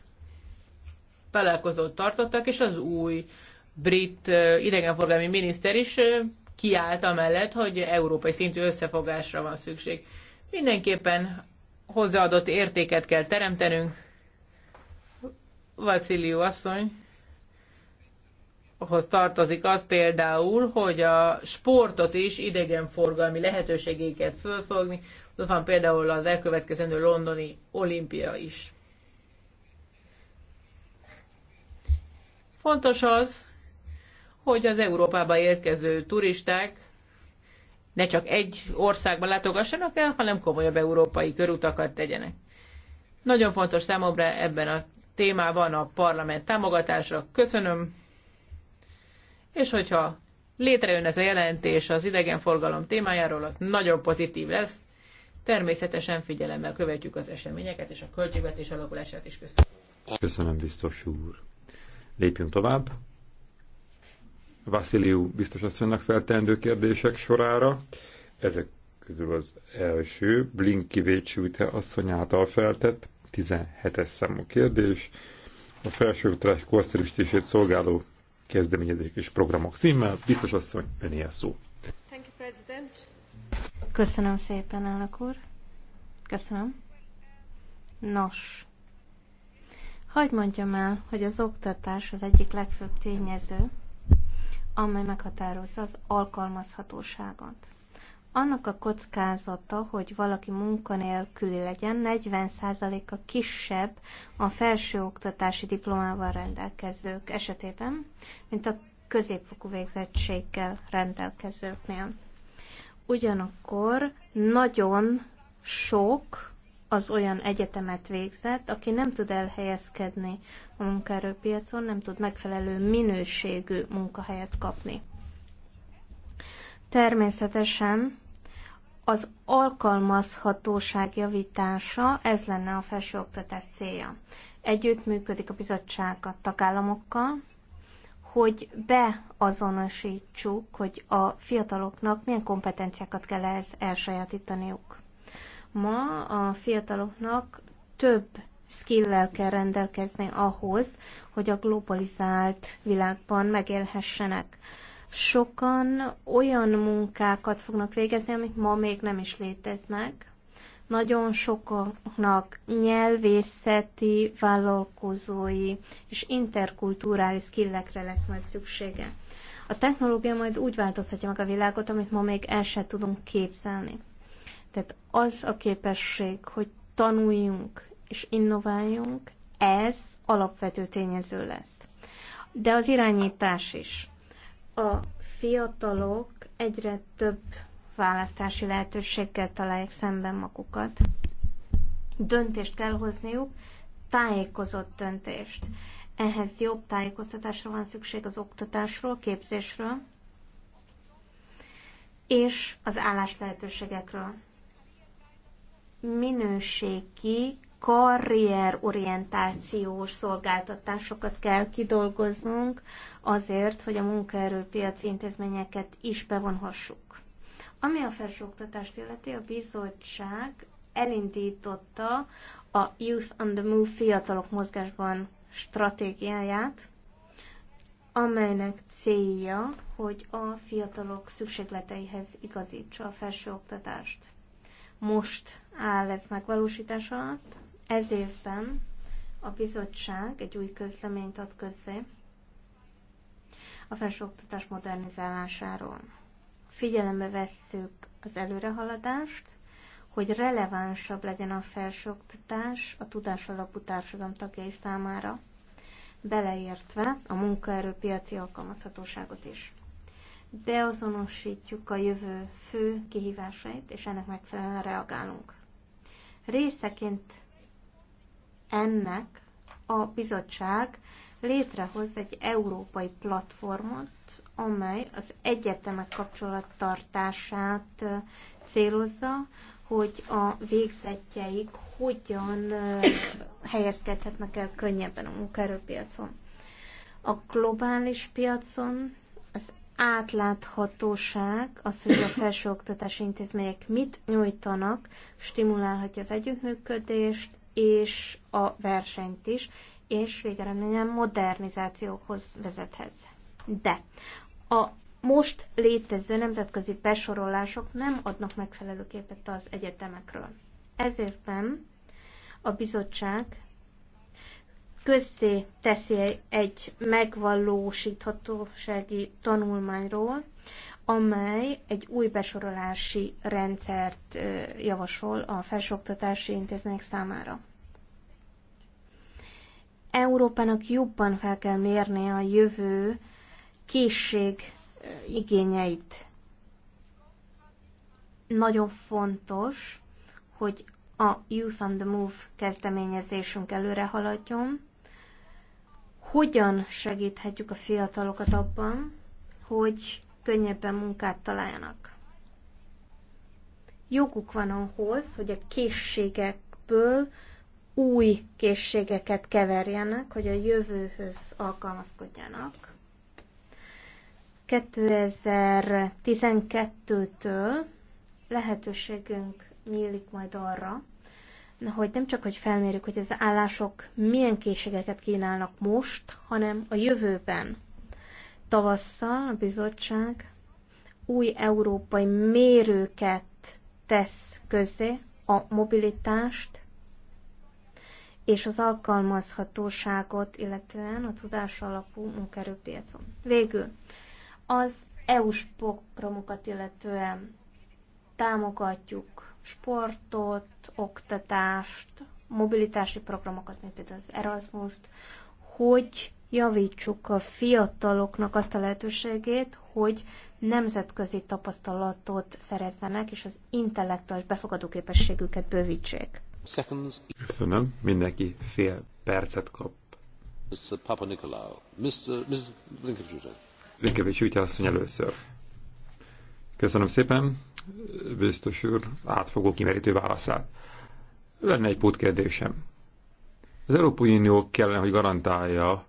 találkozót tartottak, és az új brit eh, idegenforgalmi miniszter is eh, kiállt amellett, hogy európai szintű összefogásra van szükség. Mindenképpen hozzáadott értéket kell teremtenünk. Vasziliu asszony, ahhoz tartozik az például, hogy a sportot is idegenforgalmi lehetőségéket fölfogni. Ott van például az elkövetkezendő londoni olimpia is. Fontos az, hogy az Európába érkező turisták ne csak egy országban látogassanak el, hanem komolyabb európai körutakat tegyenek. Nagyon fontos számomra ebben a témában a parlament támogatása. Köszönöm. És hogyha létrejön ez a jelentés az idegenforgalom témájáról, az nagyon pozitív lesz. Természetesen figyelemmel követjük az eseményeket és a költségvetés alakulását is köszönöm. Köszönöm, biztos úr. Lépjünk tovább. Vasziliu biztos asszonynak feltendő kérdések sorára. Ezek közül az első Vécsújte asszony által feltett 17-es számú kérdés. A felsőoktatás korszerűsítését szolgáló kezdeményezések és programok címmel. Biztos asszony, öné a szó. Thank you, President. Köszönöm szépen, elnök úr. Köszönöm. Nos, hagyd mondjam el, hogy az oktatás az egyik legfőbb tényező, amely meghatározza az alkalmazhatóságot. Annak a kockázata, hogy valaki munkanélküli legyen, 40%-a kisebb a felsőoktatási diplomával rendelkezők esetében, mint a középfokú végzettséggel rendelkezőknél. Ugyanakkor nagyon sok az olyan egyetemet végzett, aki nem tud elhelyezkedni a munkaerőpiacon, nem tud megfelelő minőségű munkahelyet kapni. Természetesen az alkalmazhatóság javítása, ez lenne a felsőoktatás célja. Együttműködik a bizottság a tagállamokkal, hogy beazonosítsuk, hogy a fiataloknak milyen kompetenciákat kell ehhez elsajátítaniuk. Ma a fiataloknak több skill kell rendelkezni ahhoz, hogy a globalizált világban megélhessenek. Sokan olyan munkákat fognak végezni, amik ma még nem is léteznek. Nagyon sokaknak nyelvészeti, vállalkozói és interkulturális skillekre lesz majd szüksége. A technológia majd úgy változtatja meg a világot, amit ma még el sem tudunk képzelni. Tehát az a képesség, hogy tanuljunk és innováljunk, ez alapvető tényező lesz. De az irányítás is. A fiatalok egyre több választási lehetőséggel találják szemben magukat. Döntést kell hozniuk, tájékozott döntést. Ehhez jobb tájékoztatásra van szükség az oktatásról, képzésről és az állás lehetőségekről minőségi, karrierorientációs szolgáltatásokat kell kidolgoznunk azért, hogy a munkaerőpiaci intézményeket is bevonhassuk. Ami a felsőoktatást illeti, a bizottság elindította a Youth on the Move fiatalok mozgásban stratégiáját, amelynek célja, hogy a fiatalok szükségleteihez igazítsa a felsőoktatást most áll ez megvalósítás alatt. Ez évben a bizottság egy új közleményt ad közzé a felsőoktatás modernizálásáról. Figyelembe vesszük az előrehaladást, hogy relevánsabb legyen a felsőoktatás a tudás alapú társadalom tagjai számára, beleértve a munkaerőpiaci alkalmazhatóságot is beazonosítjuk a jövő fő kihívásait, és ennek megfelelően reagálunk. Részeként ennek a bizottság létrehoz egy európai platformot, amely az egyetemek kapcsolattartását célozza, hogy a végzetjeik hogyan helyezkedhetnek el könnyebben a munkaerőpiacon. A globális piacon átláthatóság, az, hogy a felsőoktatási intézmények mit nyújtanak, stimulálhatja az együttműködést és a versenyt is, és végeredményen modernizációhoz vezethet. De a most létező nemzetközi besorolások nem adnak megfelelő képet az egyetemekről. Ezért a bizottság közzé teszi egy megvalósíthatósági tanulmányról, amely egy új besorolási rendszert javasol a felsőoktatási intézmények számára. Európának jobban fel kell mérni a jövő készség igényeit. Nagyon fontos, hogy a Youth on the Move kezdeményezésünk előre haladjon, hogyan segíthetjük a fiatalokat abban, hogy könnyebben munkát találjanak. Joguk van ahhoz, hogy a készségekből új készségeket keverjenek, hogy a jövőhöz alkalmazkodjanak. 2012-től lehetőségünk nyílik majd arra, hogy nem csak, hogy felmérjük, hogy az állások milyen készségeket kínálnak most, hanem a jövőben. Tavasszal a bizottság új európai mérőket tesz közé a mobilitást és az alkalmazhatóságot, illetően a tudás alapú munkerőpiacon. Végül, az EU-s programokat illetően támogatjuk sportot, oktatást, mobilitási programokat, mint például az Erasmus-t, hogy javítsuk a fiataloknak azt a lehetőségét, hogy nemzetközi tapasztalatot szerezzenek, és az intellektuális befogadóképességüket bővítsék. Köszönöm. Mindenki fél percet kap. Mr. Papa Nikolaou. Mr. Mrs. Blinkevics útja asszony először. Köszönöm szépen, biztos úr, átfogó kimerítő válaszát. Lenne egy kérdésem. Az Európai Unió kellene, hogy garantálja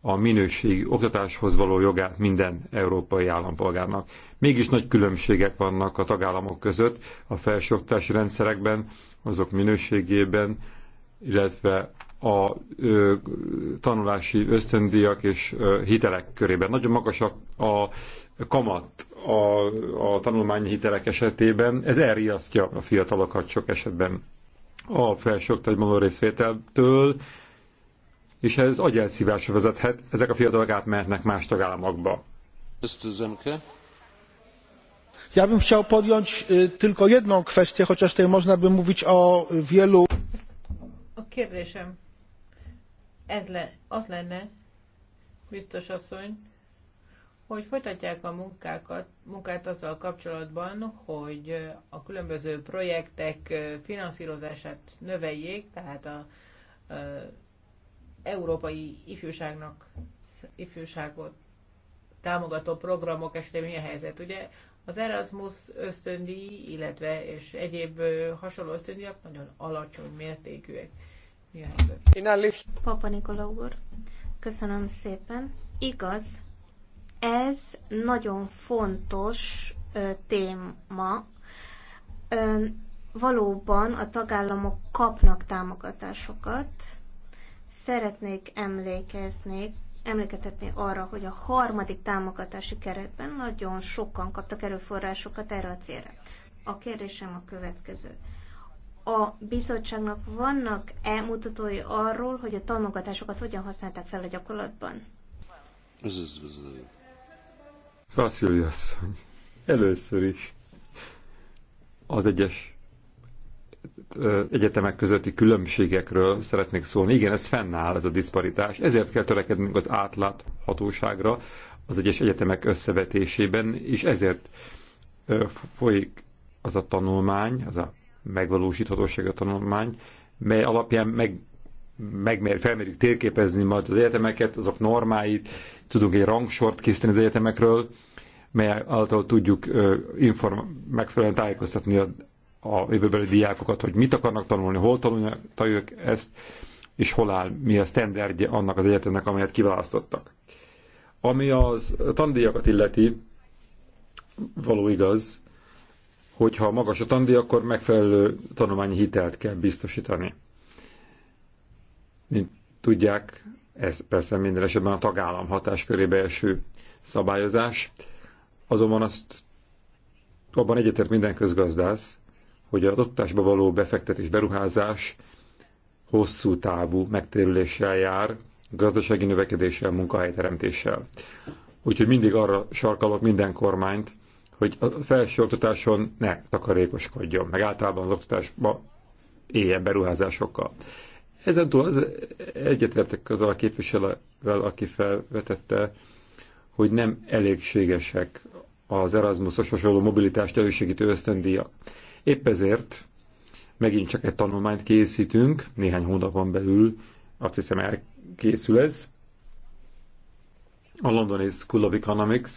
a minőségi oktatáshoz való jogát minden európai állampolgárnak. Mégis nagy különbségek vannak a tagállamok között, a felsőoktatási rendszerekben, azok minőségében, illetve a ö, tanulási ösztöndíjak és ö, hitelek körében. Nagyon magas a, a kamat a, a tanulmányi hitelek esetében, ez elriasztja a fiatalokat sok esetben a felsőoktatásban részvételtől, és ez agyelszívásra vezethet, ezek a fiatalok átmehetnek más tagállamokba. Ja bym chciał podjąć tylko jedną kwestię, chociaż tutaj można by mówić o wielu... A kérdésem ez le, az lenne, biztos asszony, hogy folytatják a munkákat, munkát azzal kapcsolatban, hogy a különböző projektek finanszírozását növeljék, tehát a, a európai ifjúságnak ifjúságot támogató programok esetében mi a helyzet. Ugye az Erasmus ösztöndíj, illetve és egyéb hasonló ösztöndíjak nagyon alacsony mértékűek. Mi a helyzet? Papa Nikola úr, köszönöm szépen. Igaz, ez nagyon fontos téma. valóban a tagállamok kapnak támogatásokat. Szeretnék emlékezni emlékezhetni arra, hogy a harmadik támogatási keretben nagyon sokan kaptak erőforrásokat erre a célra. A kérdésem a következő. A bizottságnak vannak elmutatói arról, hogy a támogatásokat hogyan használták fel a gyakorlatban? Fasziói asszony, először is az egyes egyetemek közötti különbségekről szeretnék szólni. Igen, ez fennáll, ez a diszparitás. Ezért kell törekednünk az átláthatóságra az egyes egyetemek összevetésében, és ezért folyik az a tanulmány, az a megvalósíthatóság a tanulmány, mely alapján meg megmér, felmérjük térképezni majd az egyetemeket, azok normáit, tudunk egy rangsort készíteni az egyetemekről, mely által tudjuk inform, megfelelően tájékoztatni a, a jövőbeli diákokat, hogy mit akarnak tanulni, hol tanulnak ezt, és hol áll, mi a standardje annak az egyetemnek, amelyet kiválasztottak. Ami az tandíjakat illeti, való igaz, hogyha magas a tandíj, akkor megfelelő tanulmányi hitelt kell biztosítani tudják, ez persze minden esetben a tagállam hatáskörébe eső szabályozás, azonban azt abban egyetért minden közgazdász, hogy a adottásba való befektetés, beruházás hosszú távú megtérüléssel jár, gazdasági növekedéssel, munkahelyteremtéssel. Úgyhogy mindig arra sarkalok minden kormányt, hogy a felső oktatáson ne takarékoskodjon, meg általában az oktatásba éljen beruházásokkal. Ezen túl az egyetértek azzal a képviselővel, aki felvetette, hogy nem elégségesek az Erasmus-os hasonló mobilitást elősegítő ösztöndíja. Épp ezért megint csak egy tanulmányt készítünk, néhány hónapon belül azt hiszem elkészül ez. A Londoni School of Economics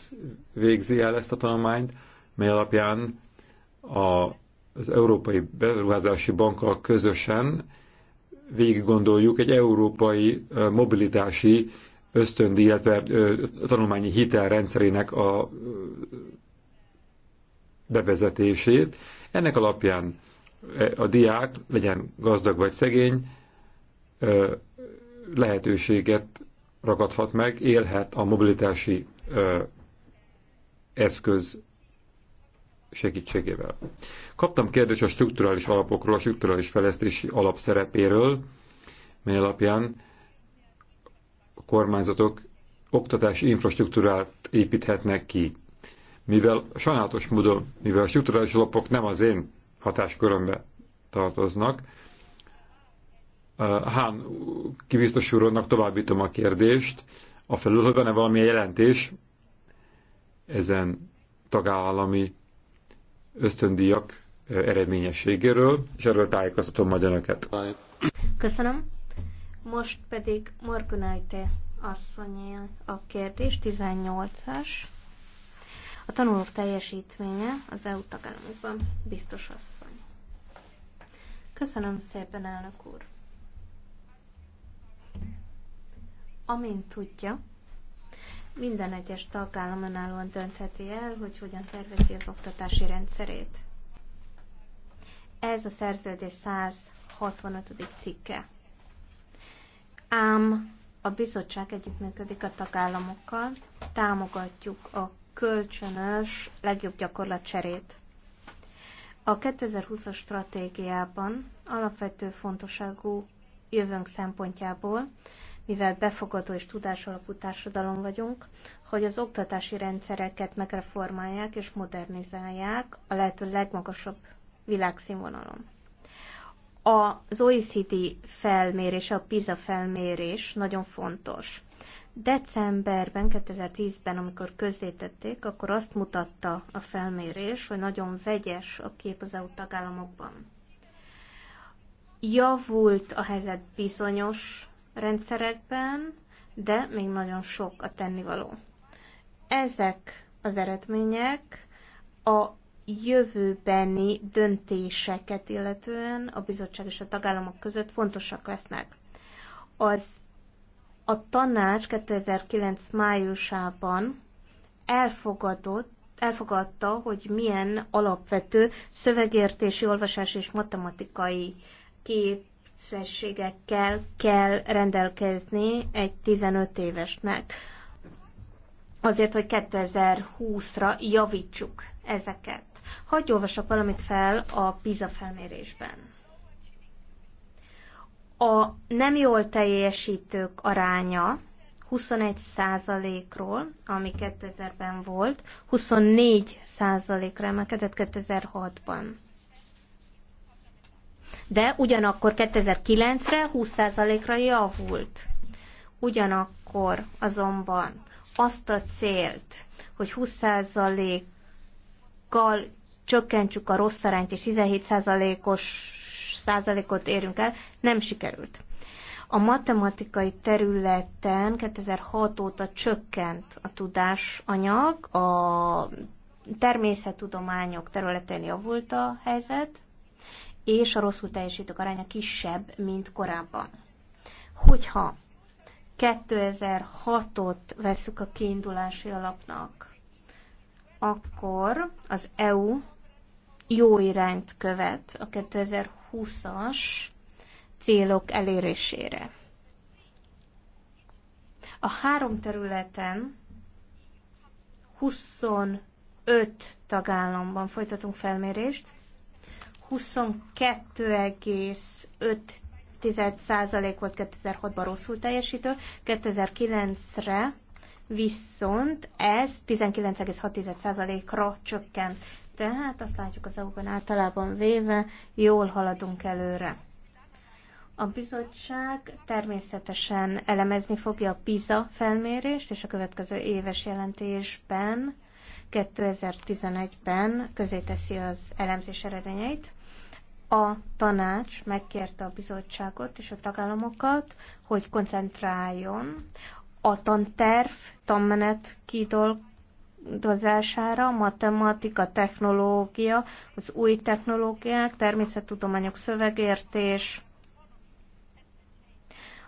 végzi el ezt a tanulmányt, mely alapján a, az Európai Beruházási Bankkal közösen végig gondoljuk, egy európai mobilitási ösztöndi, illetve tanulmányi hitelrendszerének a bevezetését. Ennek alapján e, a diák, legyen gazdag vagy szegény, lehetőséget ragadhat meg, élhet a mobilitási eszköz segítségével. Kaptam kérdést a strukturális alapokról, a strukturális fejlesztési alapszerepéről, mely alapján a kormányzatok oktatási infrastruktúrát építhetnek ki. Mivel sajnálatos módon, mivel a strukturális alapok nem az én hatáskörömbe tartoznak, Hán kibiztos úrónak továbbítom a kérdést, a felül, hogy van-e valamilyen jelentés ezen tagállami ösztöndíjak eh, eredményességéről, és erről tájékoztatom majd önöket. Köszönöm. Most pedig Morgunajte Asszony, a kérdés, 18-as. A tanulók teljesítménye az EU tagállamokban biztos asszony. Köszönöm szépen, elnök úr. Amint tudja, minden egyes tagállam önállóan döntheti el, hogy hogyan tervezi az oktatási rendszerét. Ez a szerződés 165. cikke. Ám a bizottság együttműködik a tagállamokkal, támogatjuk a kölcsönös legjobb gyakorlat cserét. A 2020-as stratégiában alapvető fontosságú jövőnk szempontjából mivel befogadó és tudásalapú társadalom vagyunk, hogy az oktatási rendszereket megreformálják és modernizálják a lehető legmagasabb világszínvonalon. Az OECD felmérés, a PISA felmérés nagyon fontos. Decemberben, 2010-ben, amikor közzétették, akkor azt mutatta a felmérés, hogy nagyon vegyes a kép az EU tagállamokban javult a helyzet bizonyos rendszerekben, de még nagyon sok a tennivaló. Ezek az eredmények a jövőbeni döntéseket illetően a bizottság és a tagállamok között fontosak lesznek. Az a tanács 2009 májusában elfogadott, elfogadta, hogy milyen alapvető szövegértési, olvasási és matematikai kép képességekkel kell rendelkezni egy 15 évesnek, azért, hogy 2020-ra javítsuk ezeket. Hagyj olvasok valamit fel a PISA felmérésben. A nem jól teljesítők aránya 21%-ról, ami 2000-ben volt, 24%-ra emelkedett 2006-ban de ugyanakkor 2009-re 20%-ra javult. Ugyanakkor azonban azt a célt, hogy 20%-kal csökkentsük a rossz arányt, és 17%-os százalékot érünk el, nem sikerült. A matematikai területen 2006 óta csökkent a tudásanyag, a természettudományok területén javult a helyzet, és a rosszul teljesítők aránya kisebb, mint korábban. Hogyha 2006-ot veszük a kiindulási alapnak, akkor az EU jó irányt követ a 2020-as célok elérésére. A három területen 25 tagállamban folytatunk felmérést, 22,5% volt 2006-ban rosszul teljesítő, 2009-re viszont ez 19,6%-ra csökkent. Tehát azt látjuk az EU-ban általában véve, jól haladunk előre. A bizottság természetesen elemezni fogja a PISA felmérést, és a következő éves jelentésben 2011-ben közé teszi az elemzés eredményeit. A tanács megkérte a bizottságot és a tagállamokat, hogy koncentráljon a tanterv, tanmenet kidolgozására, matematika, technológia, az új technológiák, természettudományok, szövegértés,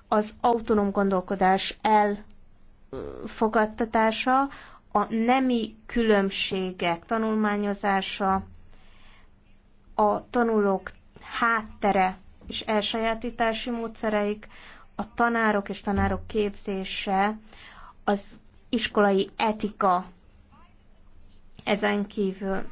az autonóm gondolkodás elfogadtatása, a nemi különbségek tanulmányozása, a tanulók háttere és elsajátítási módszereik, a tanárok és tanárok képzése, az iskolai etika ezen kívül.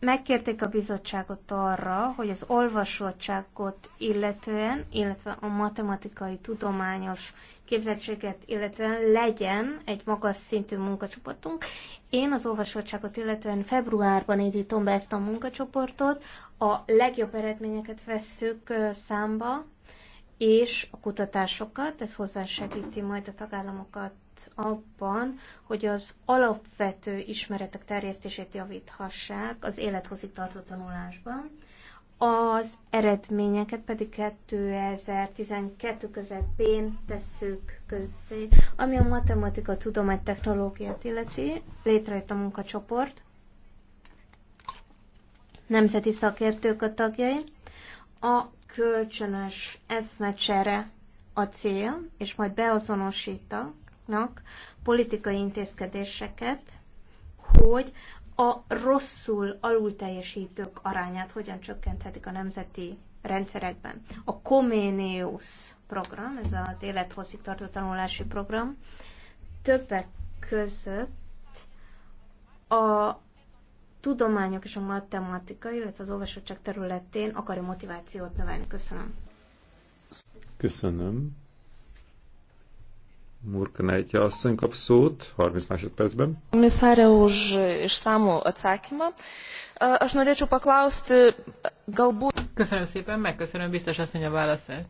Megkérték a bizottságot arra, hogy az olvasottságot illetően, illetve a matematikai tudományos képzettséget, illetve legyen egy magas szintű munkacsoportunk. Én az olvasottságot, illetően februárban indítom be ezt a munkacsoportot, a legjobb eredményeket vesszük számba, és a kutatásokat, ez hozzásegíti majd a tagállamokat abban, hogy az alapvető ismeretek terjesztését javíthassák az élethozi tartó tanulásban, az eredményeket pedig 2012 közepén tesszük közzé. Ami a matematika, tudomány, technológiát illeti, létrejött a munkacsoport, nemzeti szakértők a tagjai, a kölcsönös eszmecsere a cél, és majd beazonosítanak politikai intézkedéseket, hogy a rosszul alulteljesítők arányát hogyan csökkenthetik a nemzeti rendszerekben. A Comenius program, ez az élethosszig tartó tanulási program, többek között a tudományok és a matematika, illetve az olvasottság területén akarja motivációt növelni. Köszönöm. Köszönöm. Nejtja asszony kap szót 30 másodpercben. Komisarė už išsamų atsakymą. Aš norėčiau paklausti, galbūt... Köszönöm szépen, megköszönöm biztos asszony a válaszát.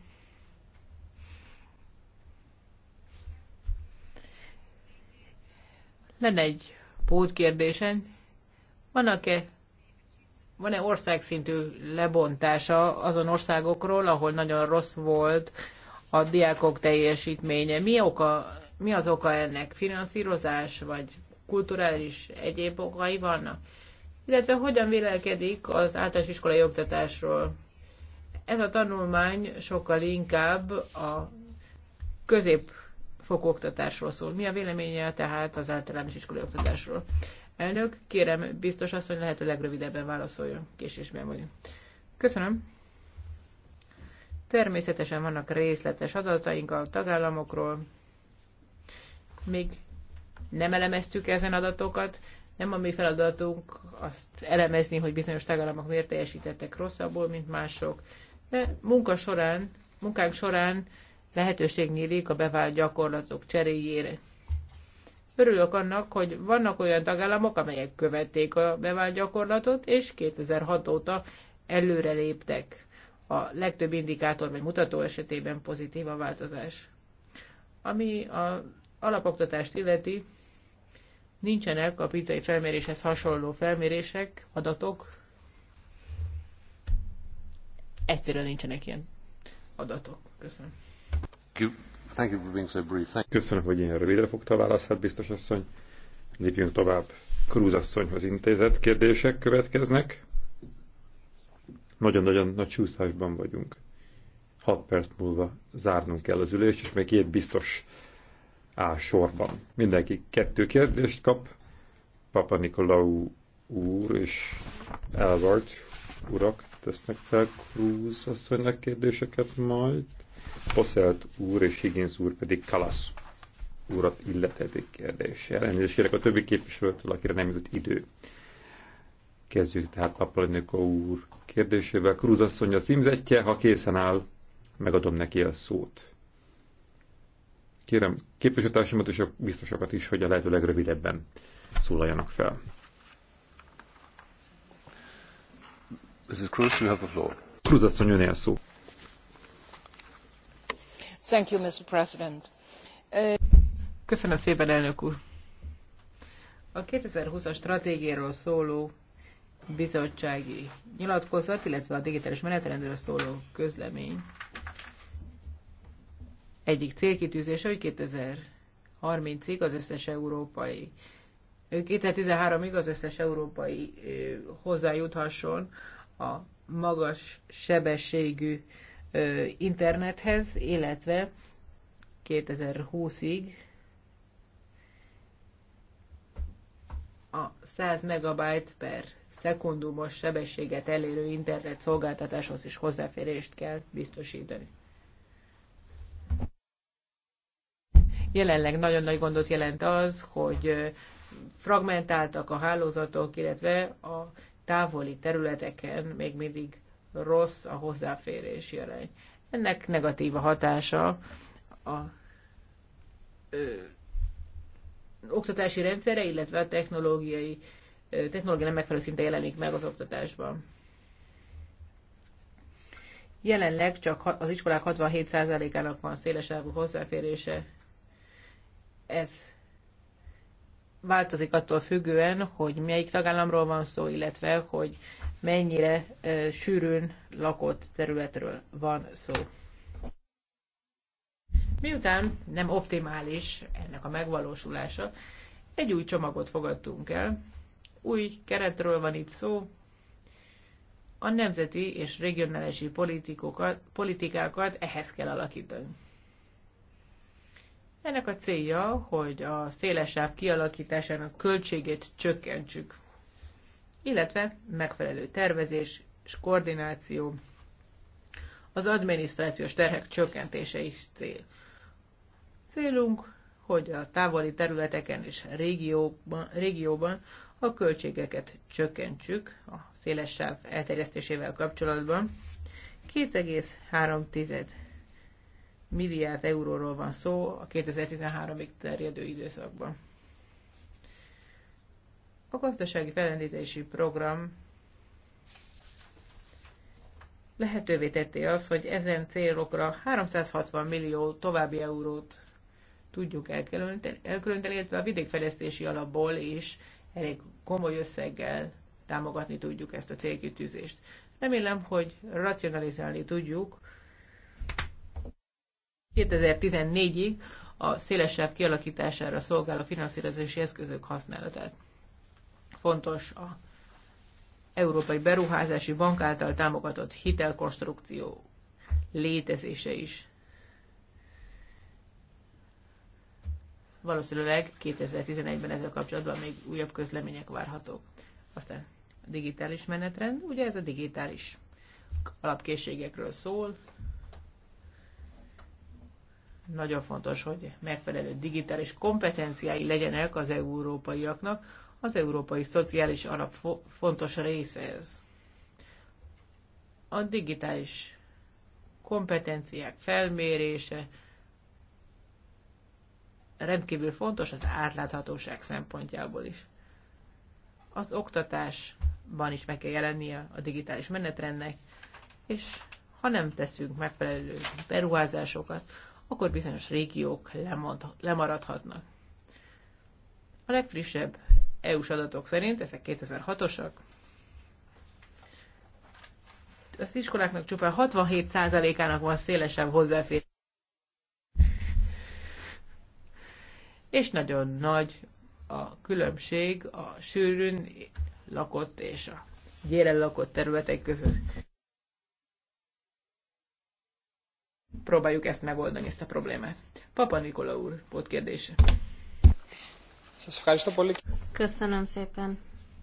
Lenne egy pótkérdésen. Vannak-e van-e országszintű lebontása azon országokról, ahol nagyon rossz volt a diákok teljesítménye. Mi, oka, mi az oka ennek? Finanszírozás, vagy kulturális egyéb okai vannak? Illetve hogyan vélekedik az általános iskolai oktatásról? Ez a tanulmány sokkal inkább a középfokú oktatásról szól. Mi a véleménye tehát az általános iskolai oktatásról? Elnök, kérem, biztos hogy lehető legrövidebben válaszoljon. Késésben vagyunk. Köszönöm. Természetesen vannak részletes adataink a tagállamokról. Még nem elemeztük ezen adatokat, nem a mi feladatunk azt elemezni, hogy bizonyos tagállamok miért teljesítettek rosszabbul, mint mások, de munka során, munkánk során lehetőség nyílik a bevált gyakorlatok cseréjére. Örülök annak, hogy vannak olyan tagállamok, amelyek követték a bevált gyakorlatot, és 2006 óta előreléptek a legtöbb indikátor vagy mutató esetében pozitív a változás. Ami a alapoktatást illeti, nincsenek a pizzai felméréshez hasonló felmérések, adatok. Egyszerűen nincsenek ilyen adatok. Köszönöm. Thank you for being so brief. Thank Köszönöm, hogy ilyen rövidre fogta a válaszát, biztos asszony. Lépjünk tovább. Krúz asszonyhoz intézett kérdések következnek. Nagyon-nagyon nagy csúszásban vagyunk. 6 perc múlva zárnunk kell az ülést, és még két biztos áll sorban. Mindenki kettő kérdést kap. Papa Nikolau úr és Albert urak tesznek fel Cruz asszonynak kérdéseket majd. Poszelt úr és Higgins úr pedig Kalasz urat illetetik kérdéssel. Elnézést kérek a többi képviselőtől, akire nem jut idő. Kezdjük tehát Papaliniko úr kérdésével. Krúz asszony a címzetje, ha készen áll, megadom neki a szót. Kérem képviselőtársamat és a biztosokat is, hogy a lehető legrövidebben szólaljanak fel. Krúz asszony, önél szó. Thank you, Mr. President. Köszönöm szépen, elnök úr. A 2020-as stratégiáról szóló bizottsági nyilatkozat, illetve a digitális menetrendről szóló közlemény egyik célkitűzése, hogy 2030-ig az összes európai 2013-ig az összes európai hozzájuthasson a magas sebességű internethez, illetve 2020-ig a 100 megabyte per szekundumos sebességet elérő internet szolgáltatáshoz is hozzáférést kell biztosítani. Jelenleg nagyon nagy gondot jelent az, hogy fragmentáltak a hálózatok, illetve a távoli területeken még mindig rossz a hozzáférési arány. Ennek negatív a hatása a ö, oktatási rendszere, illetve a technológiai ö, technológia nem megfelelő szinten jelenik meg az oktatásban. Jelenleg csak az iskolák 67%-ának van szélesávú hozzáférése. Ez változik attól függően, hogy melyik tagállamról van szó, illetve hogy mennyire e, sűrűn lakott területről van szó. Miután nem optimális ennek a megvalósulása, egy új csomagot fogadtunk el, új keretről van itt szó, a nemzeti és regionális politikákat ehhez kell alakítani. Ennek a célja, hogy a szélesáv kialakításának költségét csökkentsük, illetve megfelelő tervezés és koordináció az adminisztrációs terhek csökkentése is cél. Célunk, hogy a távoli területeken és régióban, régióban a költségeket csökkentsük a széles sáv elterjesztésével kapcsolatban. 2,3 milliárd euróról van szó a 2013-ig terjedő időszakban. A gazdasági felendítési program lehetővé tette az, hogy ezen célokra 360 millió további eurót tudjuk elkülöníteni, illetve a vidékfejlesztési alapból is elég komoly összeggel támogatni tudjuk ezt a célkitűzést. Remélem, hogy racionalizálni tudjuk 2014-ig a szélesebb kialakítására szolgáló finanszírozási eszközök használatát. Fontos a Európai Beruházási Bank által támogatott hitelkonstrukció létezése is. Valószínűleg 2011-ben ezzel kapcsolatban még újabb közlemények várhatók. Aztán a digitális menetrend, ugye ez a digitális alapkészségekről szól. Nagyon fontos, hogy megfelelő digitális kompetenciái legyenek az európaiaknak. Az európai szociális alap fontos része ez. A digitális kompetenciák felmérése, rendkívül fontos az átláthatóság szempontjából is. Az oktatásban is meg kell jelennie a digitális menetrendnek, és ha nem teszünk megfelelő beruházásokat, akkor bizonyos régiók lemaradhatnak. A legfrissebb EU-s adatok szerint, ezek 2006-osak, az iskoláknak csupán 67%-ának van szélesebb hozzáférés és nagyon nagy a különbség a sűrűn lakott és a gyéren lakott területek között. Próbáljuk ezt megoldani, ezt a problémát. Papa Nikola úr, volt kérdése. Köszönöm szépen,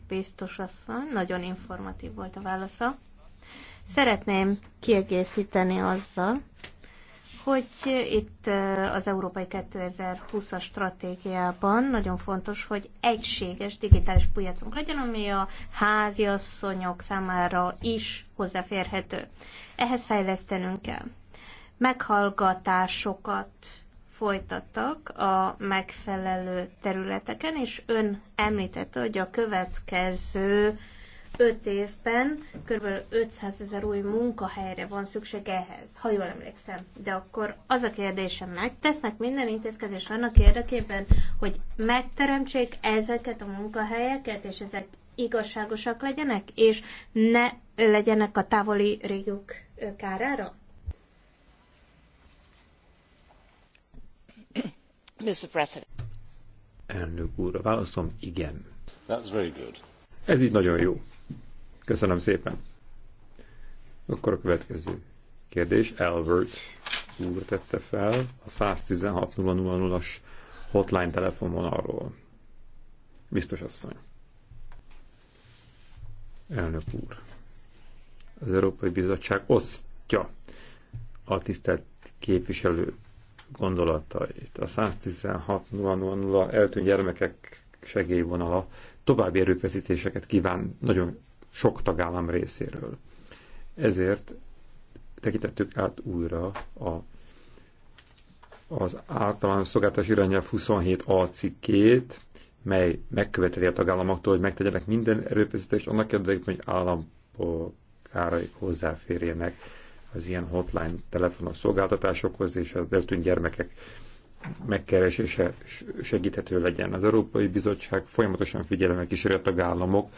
biztos asszony. Nagyon informatív volt a válasza. Szeretném kiegészíteni azzal, hogy itt az Európai 2020-as stratégiában nagyon fontos, hogy egységes digitális piacunk legyen, ami a háziasszonyok számára is hozzáférhető. Ehhez fejlesztenünk kell. Meghallgatásokat folytattak a megfelelő területeken, és ön említette, hogy a következő 5 évben kb. 500 ezer új munkahelyre van szükség ehhez, ha jól emlékszem. De akkor az a kérdésem meg, tesznek minden intézkedés annak érdekében, hogy megteremtsék ezeket a munkahelyeket, és ezek igazságosak legyenek, és ne legyenek a távoli régiók kárára? Mr. President. Elnök úr, a válaszom igen. That's very good. Ez így nagyon jó. Köszönöm szépen. Akkor a következő kérdés. Albert úr tette fel a 116.000-as hotline arról, Biztos asszony. Elnök úr. Az Európai Bizottság osztja a tisztelt képviselő gondolatait. A 116.000 eltűnt gyermekek segélyvonala további erőfeszítéseket kíván nagyon sok tagállam részéről. Ezért tekintettük át újra a, az általános szolgáltatási irányelv 27a cikkét, mely megköveteli a tagállamoktól, hogy megtegyenek minden erőfeszítést annak érdekében, hogy állampolgáraik hozzáférjenek az ilyen hotline telefonos szolgáltatásokhoz és az eltűnt gyermekek megkeresése segíthető legyen. Az Európai Bizottság folyamatosan figyelemmel kíséri a tagállamok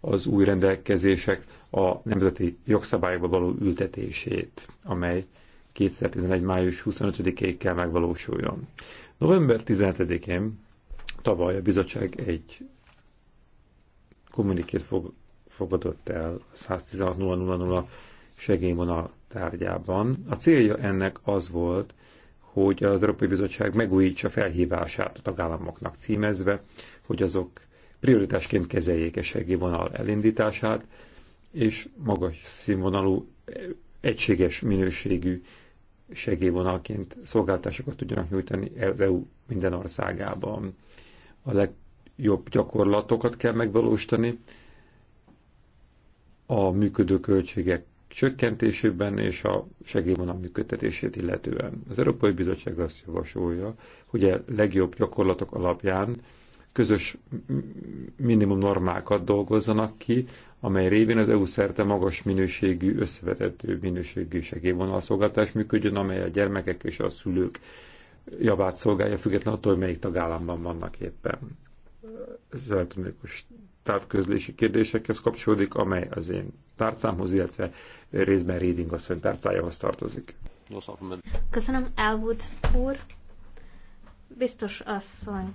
az új rendelkezések a nemzeti jogszabályokba való ültetését, amely 2011. május 25-ig kell megvalósuljon. November 17-én tavaly a bizottság egy kommunikét fog, fogadott el 116.000 segélyvonal tárgyában. A célja ennek az volt, hogy az Európai Bizottság megújítsa felhívását a tagállamoknak címezve, hogy azok prioritásként kezeljék eségi vonal elindítását, és magas színvonalú, egységes minőségű segélyvonalként szolgáltásokat tudjanak nyújtani az EU minden országában. A legjobb gyakorlatokat kell megvalósítani, a működő költségek csökkentésében és a segélyvonal működtetését illetően. Az Európai Bizottság azt javasolja, hogy a legjobb gyakorlatok alapján közös minimum normákat dolgozzanak ki, amely révén az EU szerte magas minőségű, összevetető minőségű segélyvonalszolgáltás működjön, amely a gyermekek és a szülők javát szolgálja, függetlenül attól, hogy melyik tagállamban vannak éppen. Ez elektronikus távközlési kérdésekhez kapcsolódik, amely az én tárcámhoz, illetve részben Reading asszony tárcájához tartozik. Köszönöm, Elwood úr. Biztos asszony,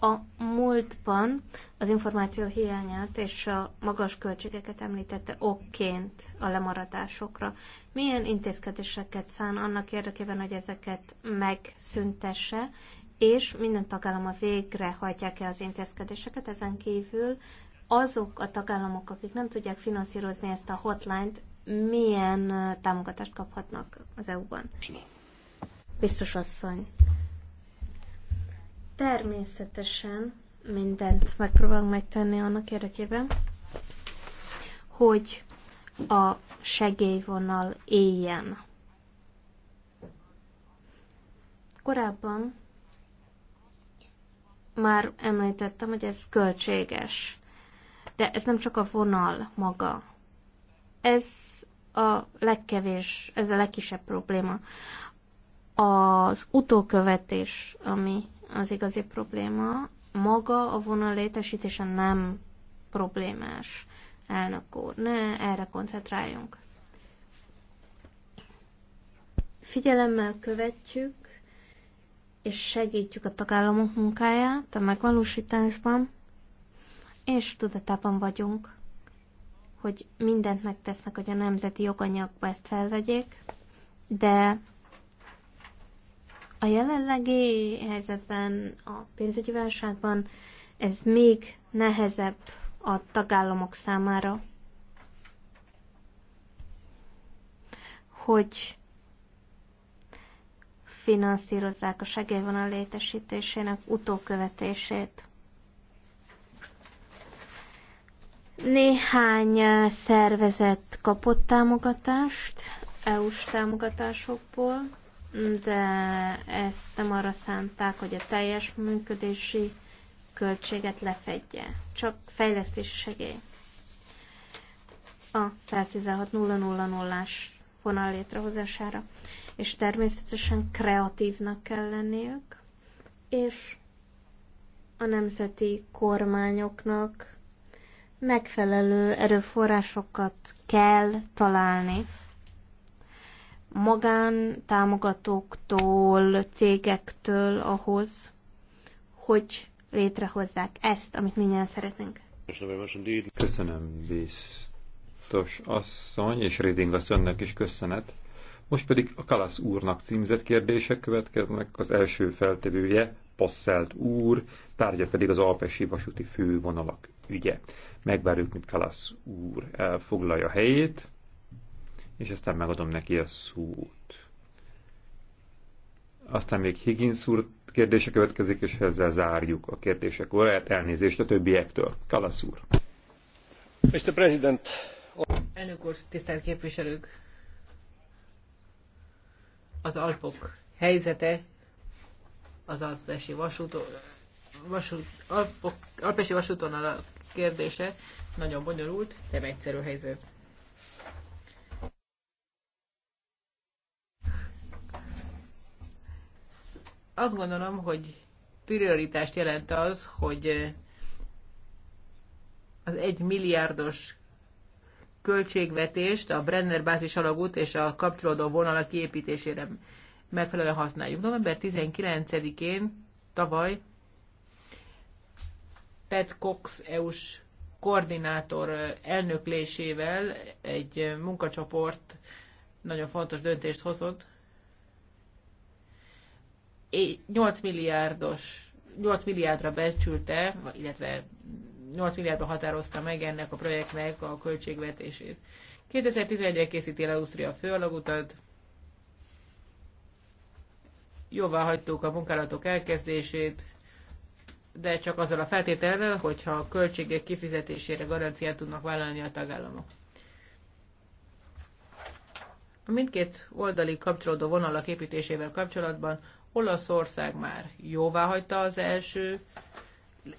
a múltban az információ hiányát és a magas költségeket említette okként a lemaradásokra. Milyen intézkedéseket szán annak érdekében, hogy ezeket megszüntesse, és minden tagállama végre hajtják-e az intézkedéseket, ezen kívül azok a tagállamok, akik nem tudják finanszírozni ezt a hotline-t, milyen támogatást kaphatnak az EU-ban? Biztos asszony. Természetesen mindent megpróbálunk megtenni annak érdekében, hogy a segélyvonal éljen. Korábban már említettem, hogy ez költséges de ez nem csak a vonal maga. Ez a legkevés, ez a legkisebb probléma. Az utókövetés, ami az igazi probléma, maga a vonal létesítése nem problémás, elnök úr. Ne erre koncentráljunk. Figyelemmel követjük és segítjük a tagállamok munkáját a megvalósításban és tudatában vagyunk, hogy mindent megtesznek, hogy a nemzeti joganyagba ezt felvegyék, de a jelenlegi helyzetben, a pénzügyi válságban ez még nehezebb a tagállamok számára, hogy finanszírozzák a segélyvonal létesítésének utókövetését. Néhány szervezet kapott támogatást, EU-s támogatásokból, de ezt nem arra szánták, hogy a teljes működési költséget lefedje, csak fejlesztési segély. A 116.000-as vonal létrehozására. És természetesen kreatívnak kell lenniük, és a nemzeti kormányoknak megfelelő erőforrásokat kell találni magán támogatóktól cégektől ahhoz, hogy létrehozzák ezt, amit minnyien szeretnénk. Köszönöm, biztos asszony, és Reding asszonynak is köszönet. Most pedig a Kalasz úrnak címzett kérdések következnek. Az első feltevője Passelt úr, tárgya pedig az Alpesi vasúti fővonalak ügye. Megvárjuk, mint Kalasz úr elfoglalja helyét, és aztán megadom neki a szót. Aztán még Higgins úr kérdése következik, és ezzel zárjuk a kérdések orrát. Elnézést a többiektől. Kalasz úr. Mr. President. Elnök úr, tisztelt képviselők! Az Alpok helyzete, az Alpesi vasúton, vasút, Alpok, Alpesi vasúton a kérdése nagyon bonyolult, nem egyszerű helyzet. Azt gondolom, hogy prioritást jelent az, hogy eh, az egy milliárdos költségvetést a Brenner bázis alagút és a kapcsolódó vonalak kiépítésére megfelelően használjuk. November 19-én tavaly Pat Cox EU-s koordinátor elnöklésével egy munkacsoport nagyon fontos döntést hozott. 8 milliárdos, 8 milliárdra becsülte, illetve 8 milliárdra határozta meg ennek a projektnek a költségvetését. 2011-re készíti el Ausztria főalagutat, jóvá hagytuk a munkálatok elkezdését, de csak azzal a feltétellel, hogyha a költségek kifizetésére garanciát tudnak vállalni a tagállamok. A mindkét oldali kapcsolódó vonalak építésével kapcsolatban Olaszország már jóváhagyta az első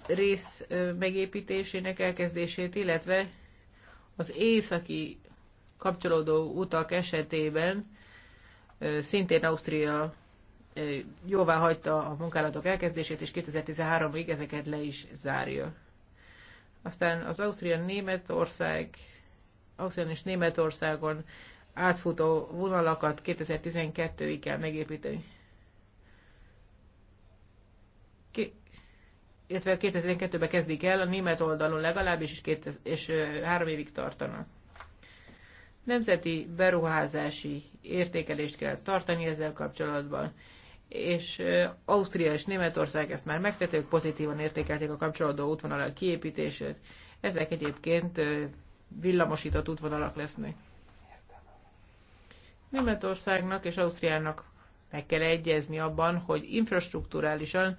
rész megépítésének elkezdését, illetve az északi kapcsolódó utak esetében szintén Ausztria jóvá hagyta a munkálatok elkezdését, és 2013-ig ezeket le is zárja. Aztán az Ausztria-Németország, Ausztrián és Németországon átfutó vonalakat 2012-ig kell megépíteni. Ki, illetve 2012-ben kezdik el, a német oldalon legalábbis, és, két, és három évig tartanak. Nemzeti beruházási értékelést kell tartani ezzel kapcsolatban, és Ausztria és Németország ezt már megtette, pozitívan értékelték a kapcsolódó útvonalak kiépítését. Ezek egyébként villamosított útvonalak lesznek. Németországnak és Ausztriának meg kell egyezni abban, hogy infrastruktúrálisan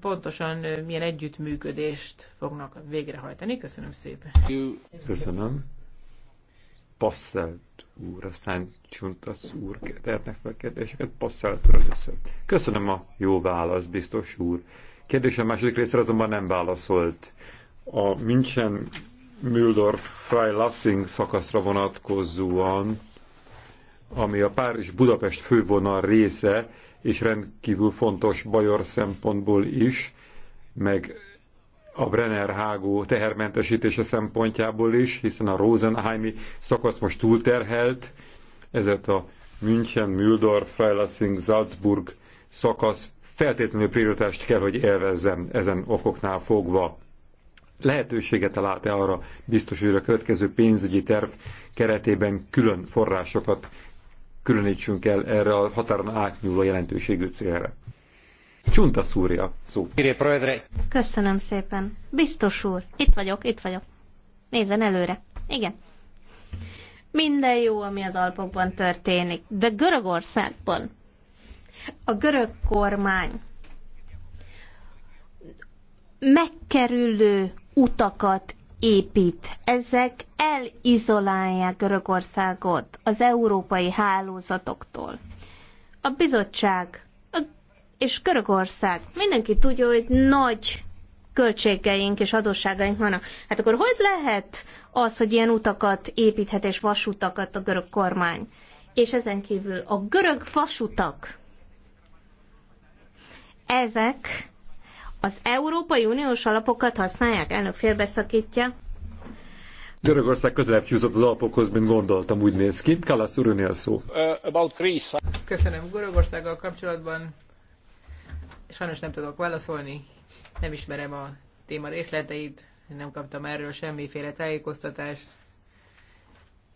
pontosan milyen együttműködést fognak végrehajtani. Köszönöm szépen. Köszönöm. Passzelt úr, aztán az úr tehetnek fel kérdéseket, Passzelt úr először. Köszönöm a jó választ, biztos úr. Kérdésem második részre azonban nem válaszolt. A München Müldor Frey Lassing szakaszra vonatkozóan, ami a Párizs-Budapest fővonal része, és rendkívül fontos Bajor szempontból is, meg a Brenner hágó tehermentesítése szempontjából is, hiszen a Rosenheimi szakasz most túlterhelt, ezért a München, müldorf Freilassing, Salzburg szakasz feltétlenül prioritást kell, hogy élvezzem ezen okoknál fogva. Lehetőséget talált e arra biztos, hogy a következő pénzügyi terv keretében külön forrásokat különítsünk el erre a határon átnyúló jelentőségű célra? Csunta szúrja szó. Köszönöm szépen. Biztos úr, itt vagyok, itt vagyok. Nézzen előre. Igen. Minden jó, ami az Alpokban történik, de Görögországban a görög kormány megkerülő utakat épít. Ezek elizolálják Görögországot az európai hálózatoktól. A bizottság és Görögország. Mindenki tudja, hogy nagy költségeink és adósságaink vannak. Hát akkor hogy lehet az, hogy ilyen utakat építhet és vasutakat a görög kormány? És ezen kívül a görög vasutak, ezek az Európai Uniós alapokat használják? Elnök félbeszakítja. Görögország közelebb húzott az alapokhoz, mint gondoltam, úgy néz ki. Kalasz úr, szó. Uh, about Greece. Köszönöm. Görögországgal kapcsolatban sajnos nem tudok válaszolni, nem ismerem a téma részleteit, nem kaptam erről semmiféle tájékoztatást,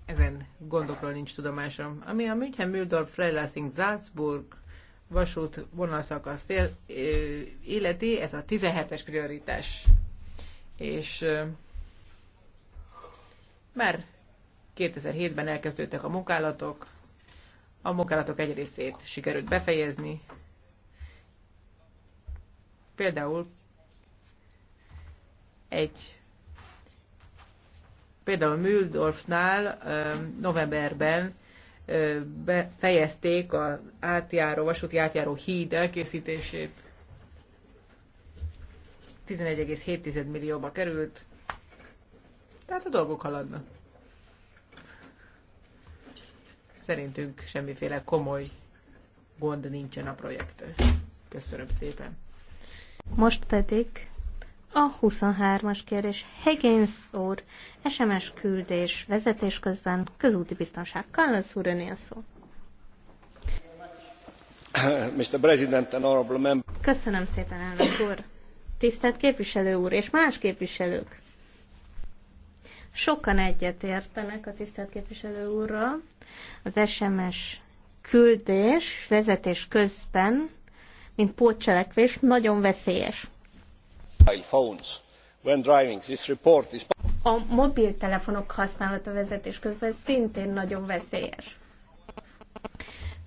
ezen gondokról nincs tudomásom. Ami a München Müldorf Freilassing Salzburg vasút vonalszakaszt illeti, ez a 17-es prioritás. És már 2007-ben elkezdődtek a munkálatok, a munkálatok egy részét sikerült befejezni, Például egy például Mühldorfnál novemberben befejezték az átjáró, vasúti átjáró híd elkészítését. 11,7 millióba került. Tehát a dolgok haladnak. Szerintünk semmiféle komoly gond nincsen a projektes. Köszönöm szépen. Most pedig a 23-as kérdés. Higgins úr, SMS küldés, vezetés közben, közúti biztonság. Carlos úr, önél szó. *coughs* Mr. President, honorable member. Köszönöm szépen, elnök úr. Tisztelt képviselő úr és más képviselők. Sokan egyetértenek a tisztelt képviselő úrral. Az SMS küldés vezetés közben mint pótcselekvés, nagyon veszélyes. A mobiltelefonok használata vezetés közben szintén nagyon veszélyes.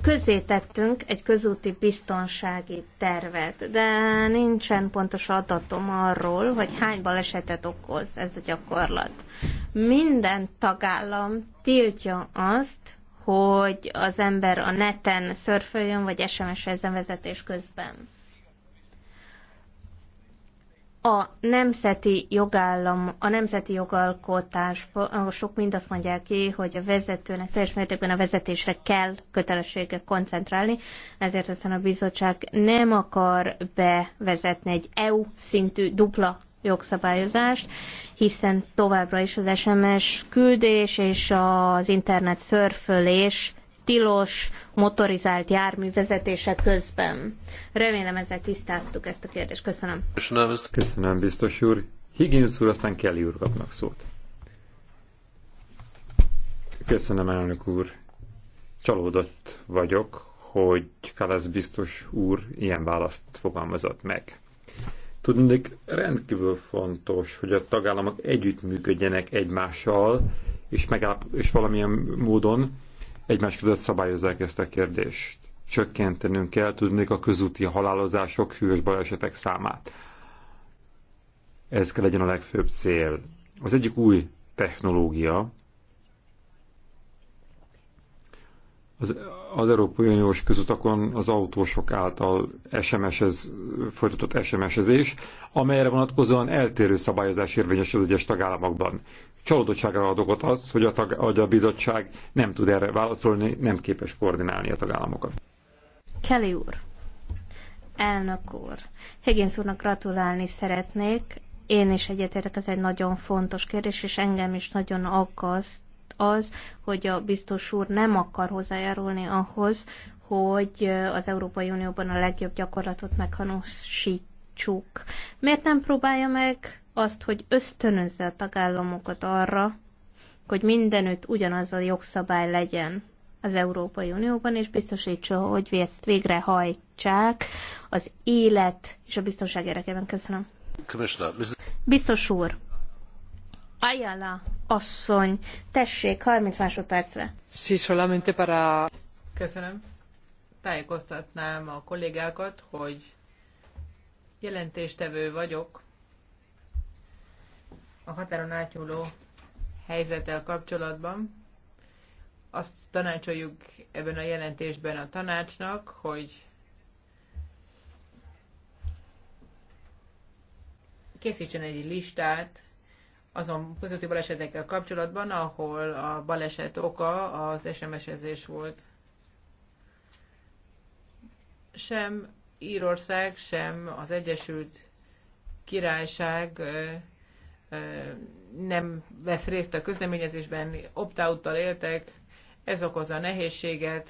Közé tettünk egy közúti biztonsági tervet, de nincsen pontos adatom arról, hogy hány balesetet okoz ez a gyakorlat. Minden tagállam tiltja azt, hogy az ember a neten szörföljön, vagy SMS-ezzen vezetés közben. A nemzeti jogállam, a nemzeti jogalkotás, sok mind azt mondják ki, hogy a vezetőnek teljes mértékben a vezetésre kell kötelessége koncentrálni, ezért aztán a bizottság nem akar bevezetni egy EU szintű dupla jogszabályozást, hiszen továbbra is az SMS küldés és az internet szörfölés tilos motorizált jármű vezetése közben. Remélem ezzel tisztáztuk ezt a kérdést. Köszönöm. Köszönöm, Köszönöm biztos úr. Higgins úr, aztán Kelly úr kapnak szót. Köszönöm, elnök úr. Csalódott vagyok, hogy Kalesz biztos úr ilyen választ fogalmazott meg. Tudnék, rendkívül fontos, hogy a tagállamok együttműködjenek egymással, és, megállap, és valamilyen módon egymás között szabályozzák ezt a kérdést. Csökkentenünk kell, tudnék, a közúti halálozások, hűvös balesetek számát. Ez kell legyen a legfőbb cél. Az egyik új technológia, az az Európai Uniós közutakon az autósok által SMS-ez, folytatott SMS-ezés, amelyre vonatkozóan eltérő szabályozás érvényes az egyes tagállamokban. Csalódottságra ad okot az, hogy a, tag, hogy a bizottság nem tud erre válaszolni, nem képes koordinálni a tagállamokat. Kelly úr, elnök úr, Higgins úrnak gratulálni szeretnék. Én is egyetértek, ez egy nagyon fontos kérdés, és engem is nagyon aggaszt, az, hogy a biztos úr nem akar hozzájárulni ahhoz, hogy az Európai Unióban a legjobb gyakorlatot meghanosítsuk. Miért nem próbálja meg azt, hogy ösztönözze a tagállamokat arra, hogy mindenütt ugyanaz a jogszabály legyen az Európai Unióban, és biztosítsa, hogy ezt végrehajtsák az élet és a biztonság érdekében. Köszönöm. Biztos úr, Ajala asszony, tessék, 30 másodpercre. Sí, solamente para... Köszönöm. Tájékoztatnám a kollégákat, hogy jelentéstevő vagyok a határon átnyúló helyzettel kapcsolatban. Azt tanácsoljuk ebben a jelentésben a tanácsnak, hogy készítsen egy listát azon közötti balesetekkel kapcsolatban, ahol a baleset oka az SMS-ezés volt. Sem Írország, sem az Egyesült Királyság nem vesz részt a közleményezésben, opt-out-tal éltek, ez okozza nehézséget.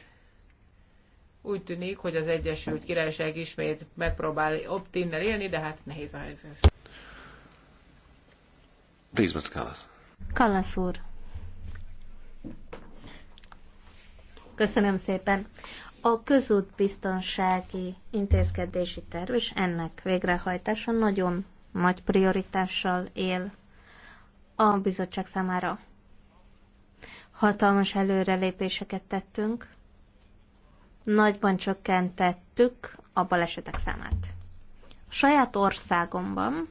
Úgy tűnik, hogy az Egyesült Királyság ismét megpróbál opt élni, de hát nehéz a helyzet úr. Köszönöm szépen. A közútbiztonsági intézkedési terv és ennek végrehajtása nagyon nagy prioritással él a bizottság számára. Hatalmas előrelépéseket tettünk, nagyban csökkentettük a balesetek számát. A saját országomban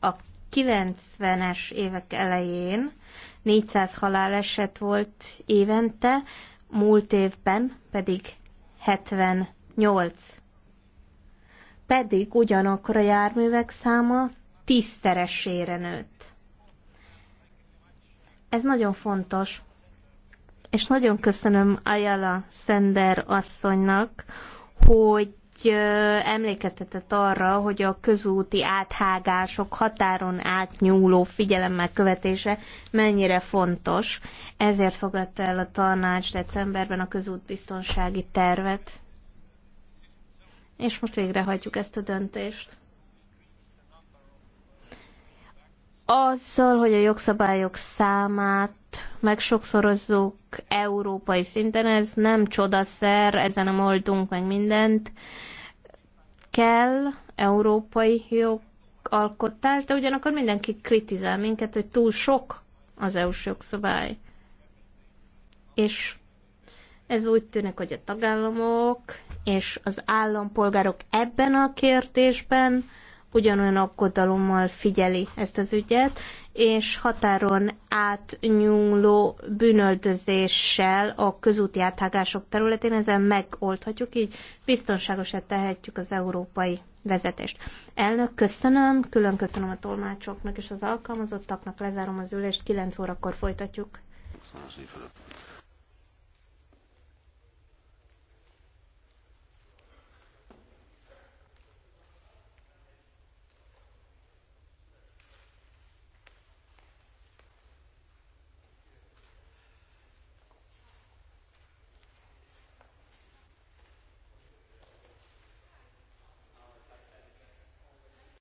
a 90-es évek elején 400 haláleset volt évente, múlt évben pedig 78. Pedig ugyanakkor a járművek száma tízszeresére nőtt. Ez nagyon fontos, és nagyon köszönöm Ayala Szender asszonynak, hogy emlékeztetett arra, hogy a közúti áthágások határon átnyúló figyelemmel követése mennyire fontos. Ezért fogadta el a tanács decemberben a közútbiztonsági tervet. És most végrehajtjuk ezt a döntést. Azzal, hogy a jogszabályok számát megsokszorozzuk európai szinten, ez nem csodaszer, ezen a oldunk meg mindent. Kell európai jogalkotás, de ugyanakkor mindenki kritizál minket, hogy túl sok az EU-s jogszabály. És ez úgy tűnik, hogy a tagállamok és az állampolgárok ebben a kérdésben ugyanolyan aggodalommal figyeli ezt az ügyet, és határon átnyúló bűnöldözéssel a közúti áthágások területén ezzel megoldhatjuk, így biztonságosan tehetjük az európai vezetést. Elnök, köszönöm, külön köszönöm a tolmácsoknak és az alkalmazottaknak, lezárom az ülést, 9 órakor folytatjuk. Köszönöm